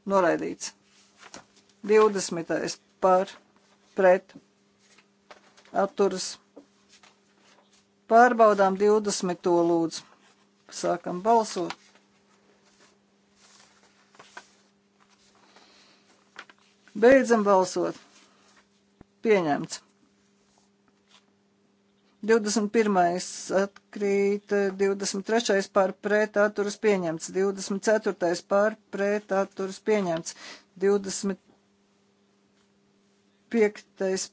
noraidīts. 20. par pret atturas. Pārbaudām 20. lūdzu. Sākam balsot. Beidzam balsot. Pieņemts. 21. atkrīt, 23. pār pret atturas pieņemts, 24. pār pret atturas pieņemts, 25.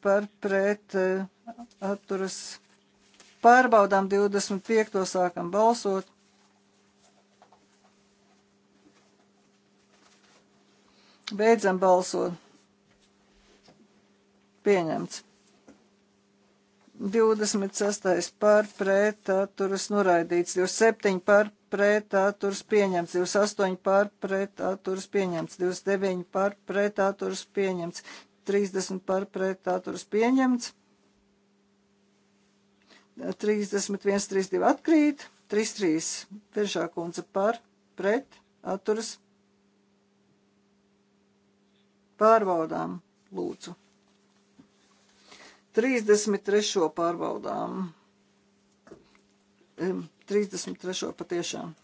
pār pret eh, atturas pārbaudām, 25. sākam balsot. Beidzam balsot. Pieņemts. 26 par pret atturas noraidīts, 27 par pret atturas pieņemts, 28 par pret atturas pieņemts, 29 par pret atturas pieņemts, 30 par pret atturas pieņemts, 31, 32 atkrīt, 33 veržā kundze par pret atturas pārbaudām lūdzu. 33. pārbaudām. 33. patiešām.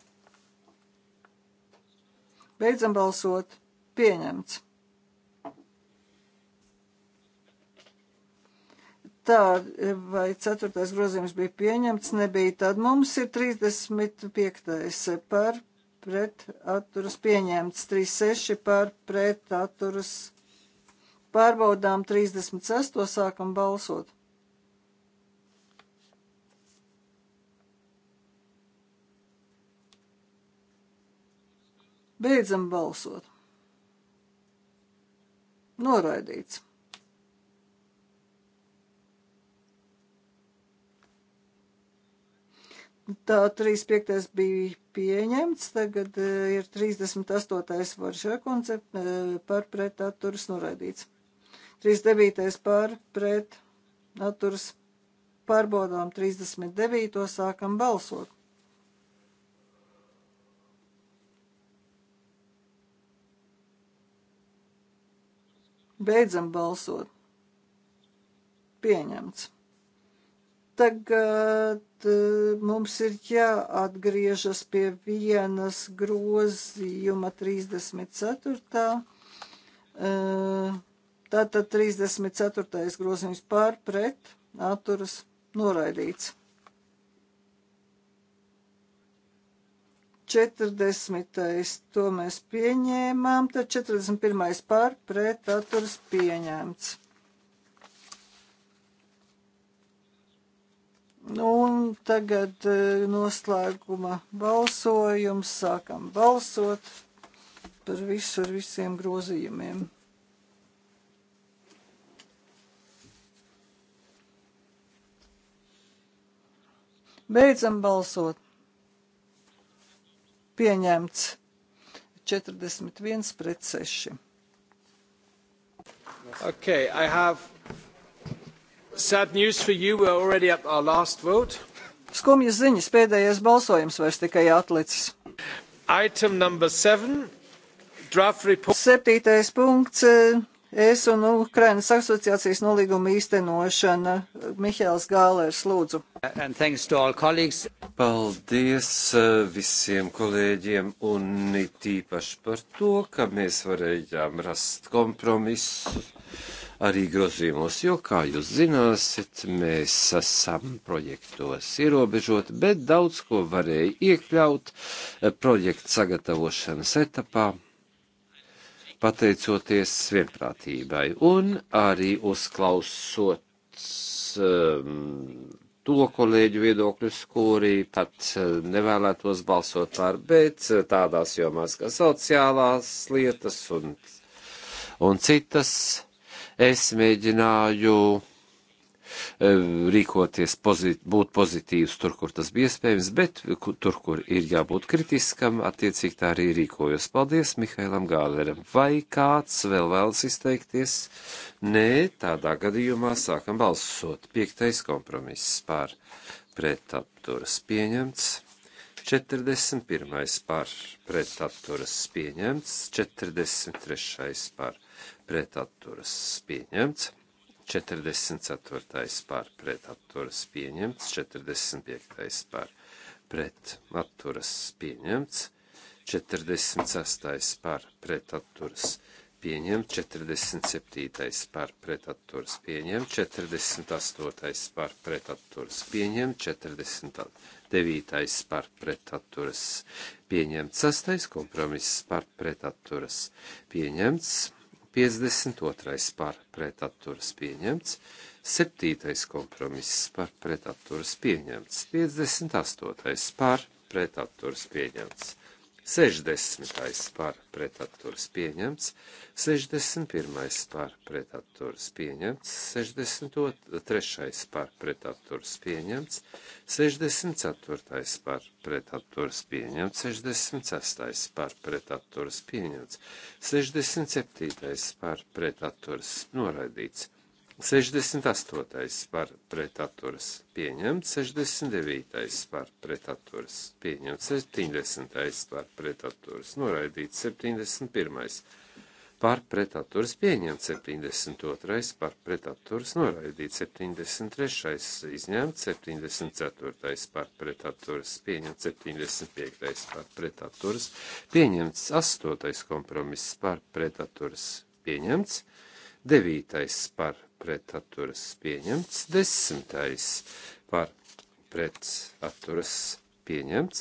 Beidzam balsot. Pieņemts. Tā, vai ceturtais grozījums bija pieņemts, nebija. Tad mums ir 35. par pret atturas pieņemts, 36 par pret atturas pieņemts Pārbaudām 36. sākam balsot. Beidzam balsot. Noraidīts. Tā 35. bija pieņemts, tagad eh, ir 38. varšā koncepts par pretaturas noraidīts. 39. par pret atturas pārbaudām 39. sākam balsot. Beidzam balsot. Pieņemts. Tagad eh, mums ir jāatgriežas pie vienas grozījuma 34. Uh, eh, Tātad 34. grozījums pār pret atturas noraidīts. 40. to mēs pieņēmām, tad 41. pār pret atturas pieņemts. Nu, un tagad e, noslēguma balsojums, sākam balsot par visu ar visiem grozījumiem. Beidzam balsot. Pieņemts 41 pret 6. Okay, I have sad news for you. We're already up our last vote. Skumjas ziņas pēdējais balsojums vairs tikai atlicis. Item number seven. Draft report. Septītais punkts eh, Es un Ukrainas asociācijas nolīguma īstenošana. Mihēls Gālērs, lūdzu. Paldies uh, visiem kolēģiem un tīpaši par to, ka mēs varējām rast kompromisu arī grozījumos, jo, kā jūs zināsiet, mēs esam projektos ierobežoti, bet daudz ko varēja iekļaut uh, projekta sagatavošanas etapā pateicoties vienprātībai un arī uzklausot um, to kolēģu viedokļus, kuri pat uh, nevēlētos balsot par, bet uh, tādās jomās kā sociālās lietas un, un citas, es mēģināju E, rīkoties, pozit, būt pozitīvs tur, kur tas bija iespējams, bet tur, kur ir jābūt kritiskam, attiecīgi tā arī rīkojos. Paldies Mihailam Gāleram. Vai kāds vēl vēlas izteikties? Nē, tādā gadījumā sākam balsot. Piektais kompromiss par pretapturas pieņemts. 41. par pretapturas pieņemts, 43. par pretapturas pieņemts, 44. par pret atturas pieņemts, 45. par pret atturas pieņemts, 46. par pret atturas pieņemts, 47. par pret atturas pieņemts, 48. par pret atturas pieņemts, 49. par pret atturas pieņemts, 6. kompromiss par pret atturas pieņemts. 52. par pretaturas pieņemts, 7. kompromiss par pretaturas pieņemts, 58. par pretaturas pieņemts, 60. par pretatturas pieņemts, 61. par pretatturas pieņemts, 63. par pretatturas pieņemts, 64. par pretatturas pieņemts, 66. par pretatturas pieņemts, 67. par pretatturas noraidīts. 68. par pretaturas pieņemts, 69. par pretaturas pieņemts, 70. par pretaturas noraidīts, 71. par pretaturas pieņemts, 72. par pretaturas noraidīts, 73. izņemts, 74. par pretaturas pieņemts, 75. par pretaturas pieņemts, 8. kompromiss par pretaturas pieņemts. Devītais par pretaturas pieņemts. Desmitais par pretaturas pieņemts.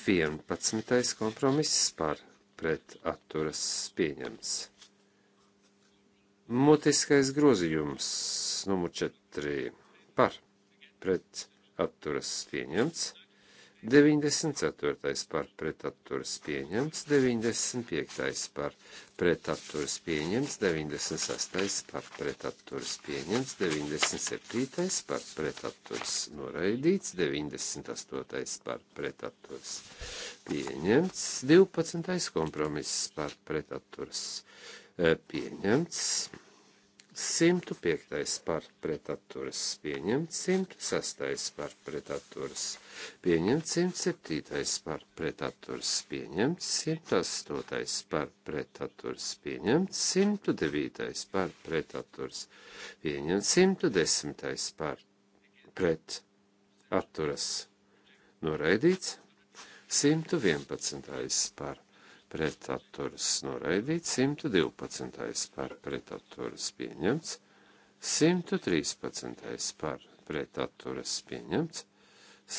Vienpadsmitais kompromiss par pretaturas pieņemts. Mutiskais grozījums numur četri par pretaturas pieņemts. 94. par pretaturas pieņemts, 95. par pretaturas pieņemts, 96. par pretaturas pieņemts, 97. par pretaturas noraidīts, 98. par pretaturas pieņemts, 12. kompromiss par pretaturas eh, pieņemts, 105. par pretaturas pieņemts, 106. par pretaturas pieņemts, 107. par pretaturas pieņemts, 108. par pretaturas pieņemts, 109. par pretaturas pieņemts, 110. par pretaturas noraidīts, 111. par pretaturas noraidīts, 112. par pretaturas pieņemts, 113. par pretaturas pieņemts,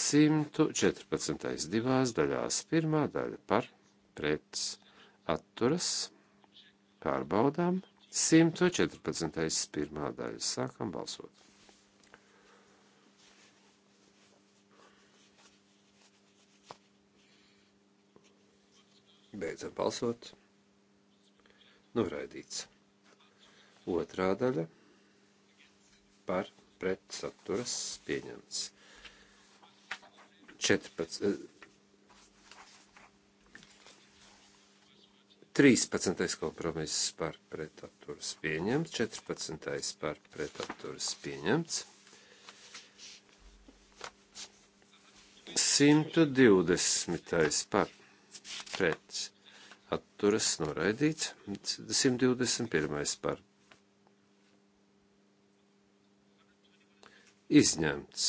114. divās daļās pirmā daļa par pretaturas pārbaudām, 114. pirmā daļa sākam balsot. Beidzam balsot. Noraidīts. Nu, Otrā daļa par pretsaturas pieņemts. 14. 13. Eh, kompromiss par pretaturas pieņemts, 14. par pretaturas pieņemts, 120. par pret atturas noraidīts. 121. par izņemts.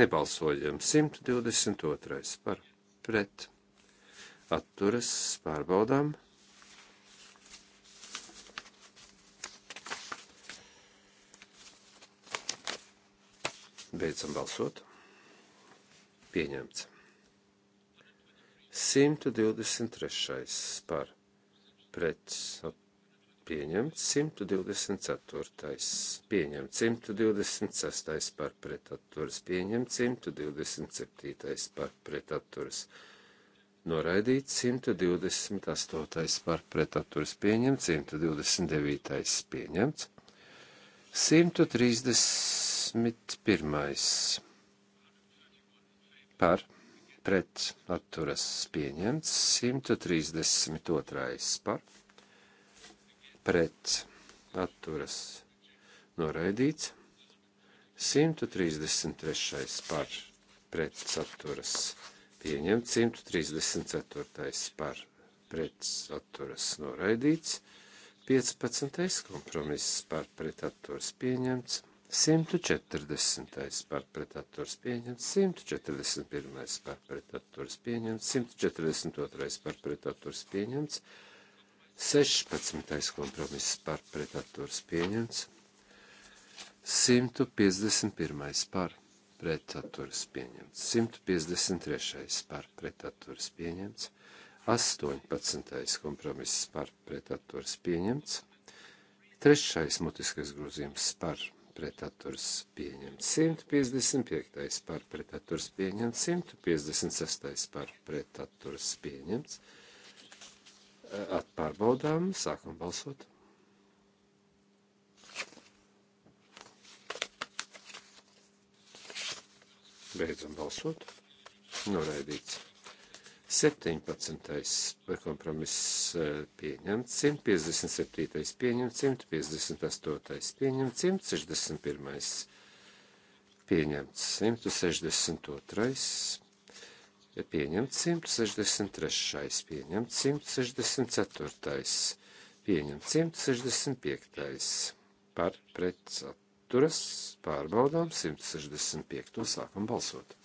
Nebalsojam 122. par pret. Atturas pārbaudām. Beidzam balsot. Pieņemts. 123. par pret pieņemts. 124. pieņemts. 126. par pret atturas pieņemts. 127. par pret atturas pieņemts. Noraidīts 128. par pretaturas pieņemts, 129. pieņemts, 131 par pret atturas pieņemts, 132. par pret atturas noraidīts, 133. par pret atturas pieņemts, 134. par pret atturas noraidīts, 15. kompromiss par pret atturas pieņemts, 140. pārpretators pieņemts, 141. pārpretators pieņemts, 142. pārpretators pieņemts, 16. kompromiss pārpretators pieņemts, 151. pārpretators pieņemts, 153. pārpretators pieņemts, 18. kompromiss pārpretators pieņemts, 3. mutiskais grozījums pārpretators pārpretaturs pieņemts 155. pārpretaturs pieņemts 156. pārpretaturs pieņemts. Eh, Atpārbaudām, sākam balsot. Beidzam balsot. Noraidīts. 17. kompromiss e, pieņemts, 157. pieņemts, 158. pieņemts, 161. pieņemts, 162. pieņemts, 163. pieņemts, 164. pieņemts, 165. par pret atturas pārbaudām 165. sākam balsot.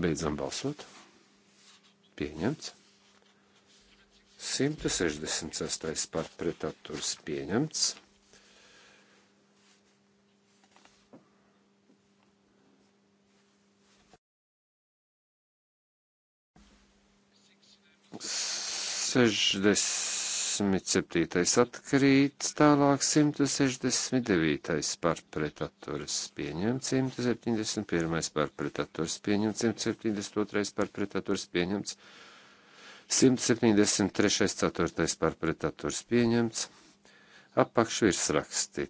Beidzam balsot. Pieņemts. 166. par pretaturs pieņemts. Sešdesmit. 167. atkrīt, tālāk 169. par pretaturas pieņemts, 171. par pretaturas pieņemts, 172. par pretaturas pieņemts, 173. 4. par pretaturas pieņemts, apakšvirsraksti,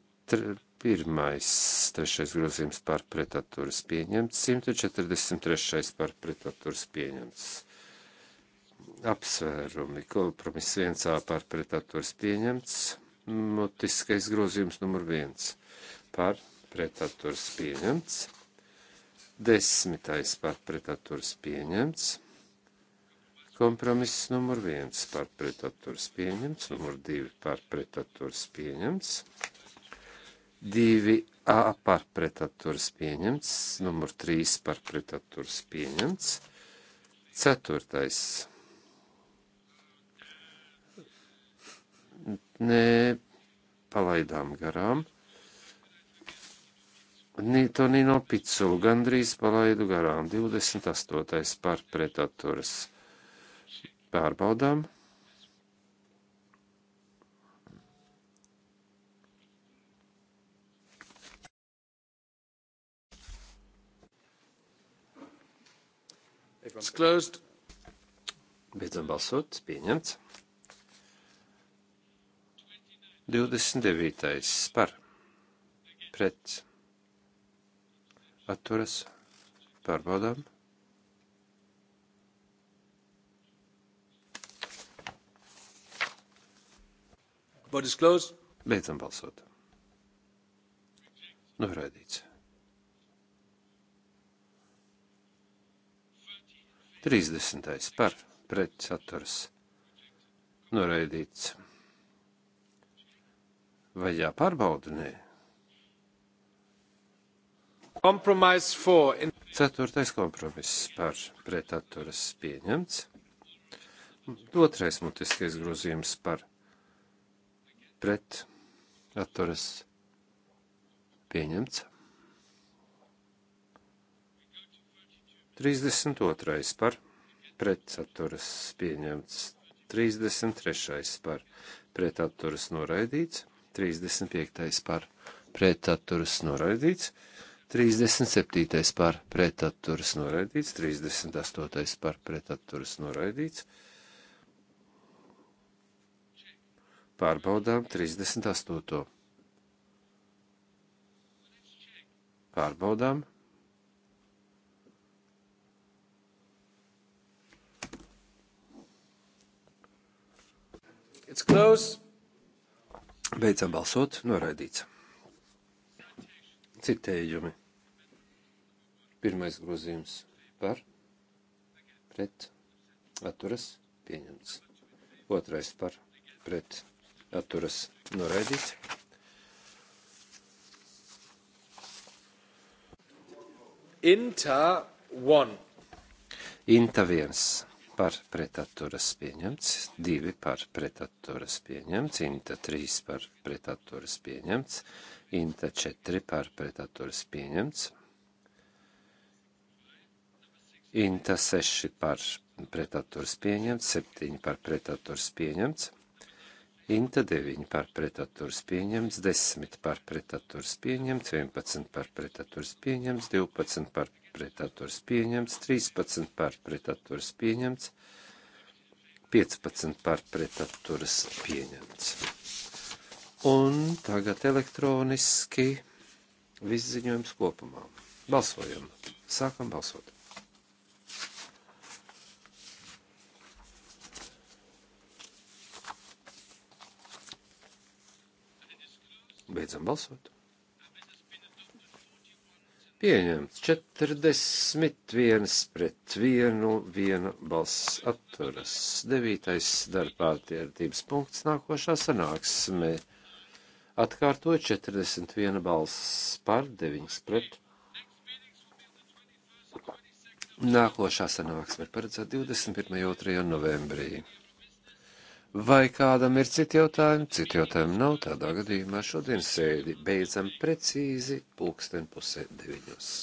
pirmais, trešais grozījums par pretaturas pieņemts, 143. par pretaturas pieņemts apsvērumi. Kompromiss 1A par pretaturs pieņemts. Mutiskais grozījums numur 1 par pretaturs pieņemts. Desmitais par pretaturs pieņemts. Kompromiss numur 1 par pretaturs pieņemts. Numur 2 par pretaturs pieņemts. 2A par pretaturs pieņemts. Numur 3 par pretaturs pieņemts. Ceturtais nepalaidām garām. Tonino Piculu gandrīz palaidu garām 28. par pretaturas pārbaudām. It's closed. Beidzam balsot, pieņemts. 29. par pret atturas pārbaudām. Beidzam balsot. Noraidīts. 30. par pret atturas. Noraidīts. Vai jāpārbauda? Nē. Ceturtais kompromiss par pretaturas pieņemts. Otrais mutiskais grozījums par pretaturas pieņemts. 32. par pretaturas pieņemts. 33. par pretaturas noraidīts. 35. par pretaturas noraidīts, 37. par pretaturas noraidīts, 38. par pretaturas noraidīts. Pārbaudām 38. Pārbaudām. It's close. Beidzam balsot, noraidīts. Citējumi. Pirmais grozījums par, pret, atturas, pieņemts. Otrais par, pret, atturas, noraidīts. Inta 1. Inta 1 par pretaturas pieņemts, 2 par pretaturas pieņemts, Inta 3 par pretaturas pieņemts, Inta 4 par pretaturas pieņemts, Inta 6 par pretaturas pieņemts, 7 par pretaturas pieņemts, Inta 9 par pretaturas pieņemts, 10 par pretaturas pieņemts, 11 par pretaturas pieņemts, 12 par pretaturs pieņemts, 13 par pretaturs pieņemts, 15 par pretaturs pieņemts. Un tagad elektroniski viss ziņojums kopumā. Balsojam. Sākam balsot. Beidzam balsot. Pieņemts 41 pret 1, 1 balss atturas. 9. darbkārtības punkts nākošā sanāksmē. Atkārtoju 41 balss par 9 pret. Nākošā sanāksme ir paredzēta 21. un 2. novembrī. Vai kādam ir citi jautājumi? Citi jautājumi nav. Tādā gadījumā šodien sēdi beidzam precīzi pulksten pusē deviņos.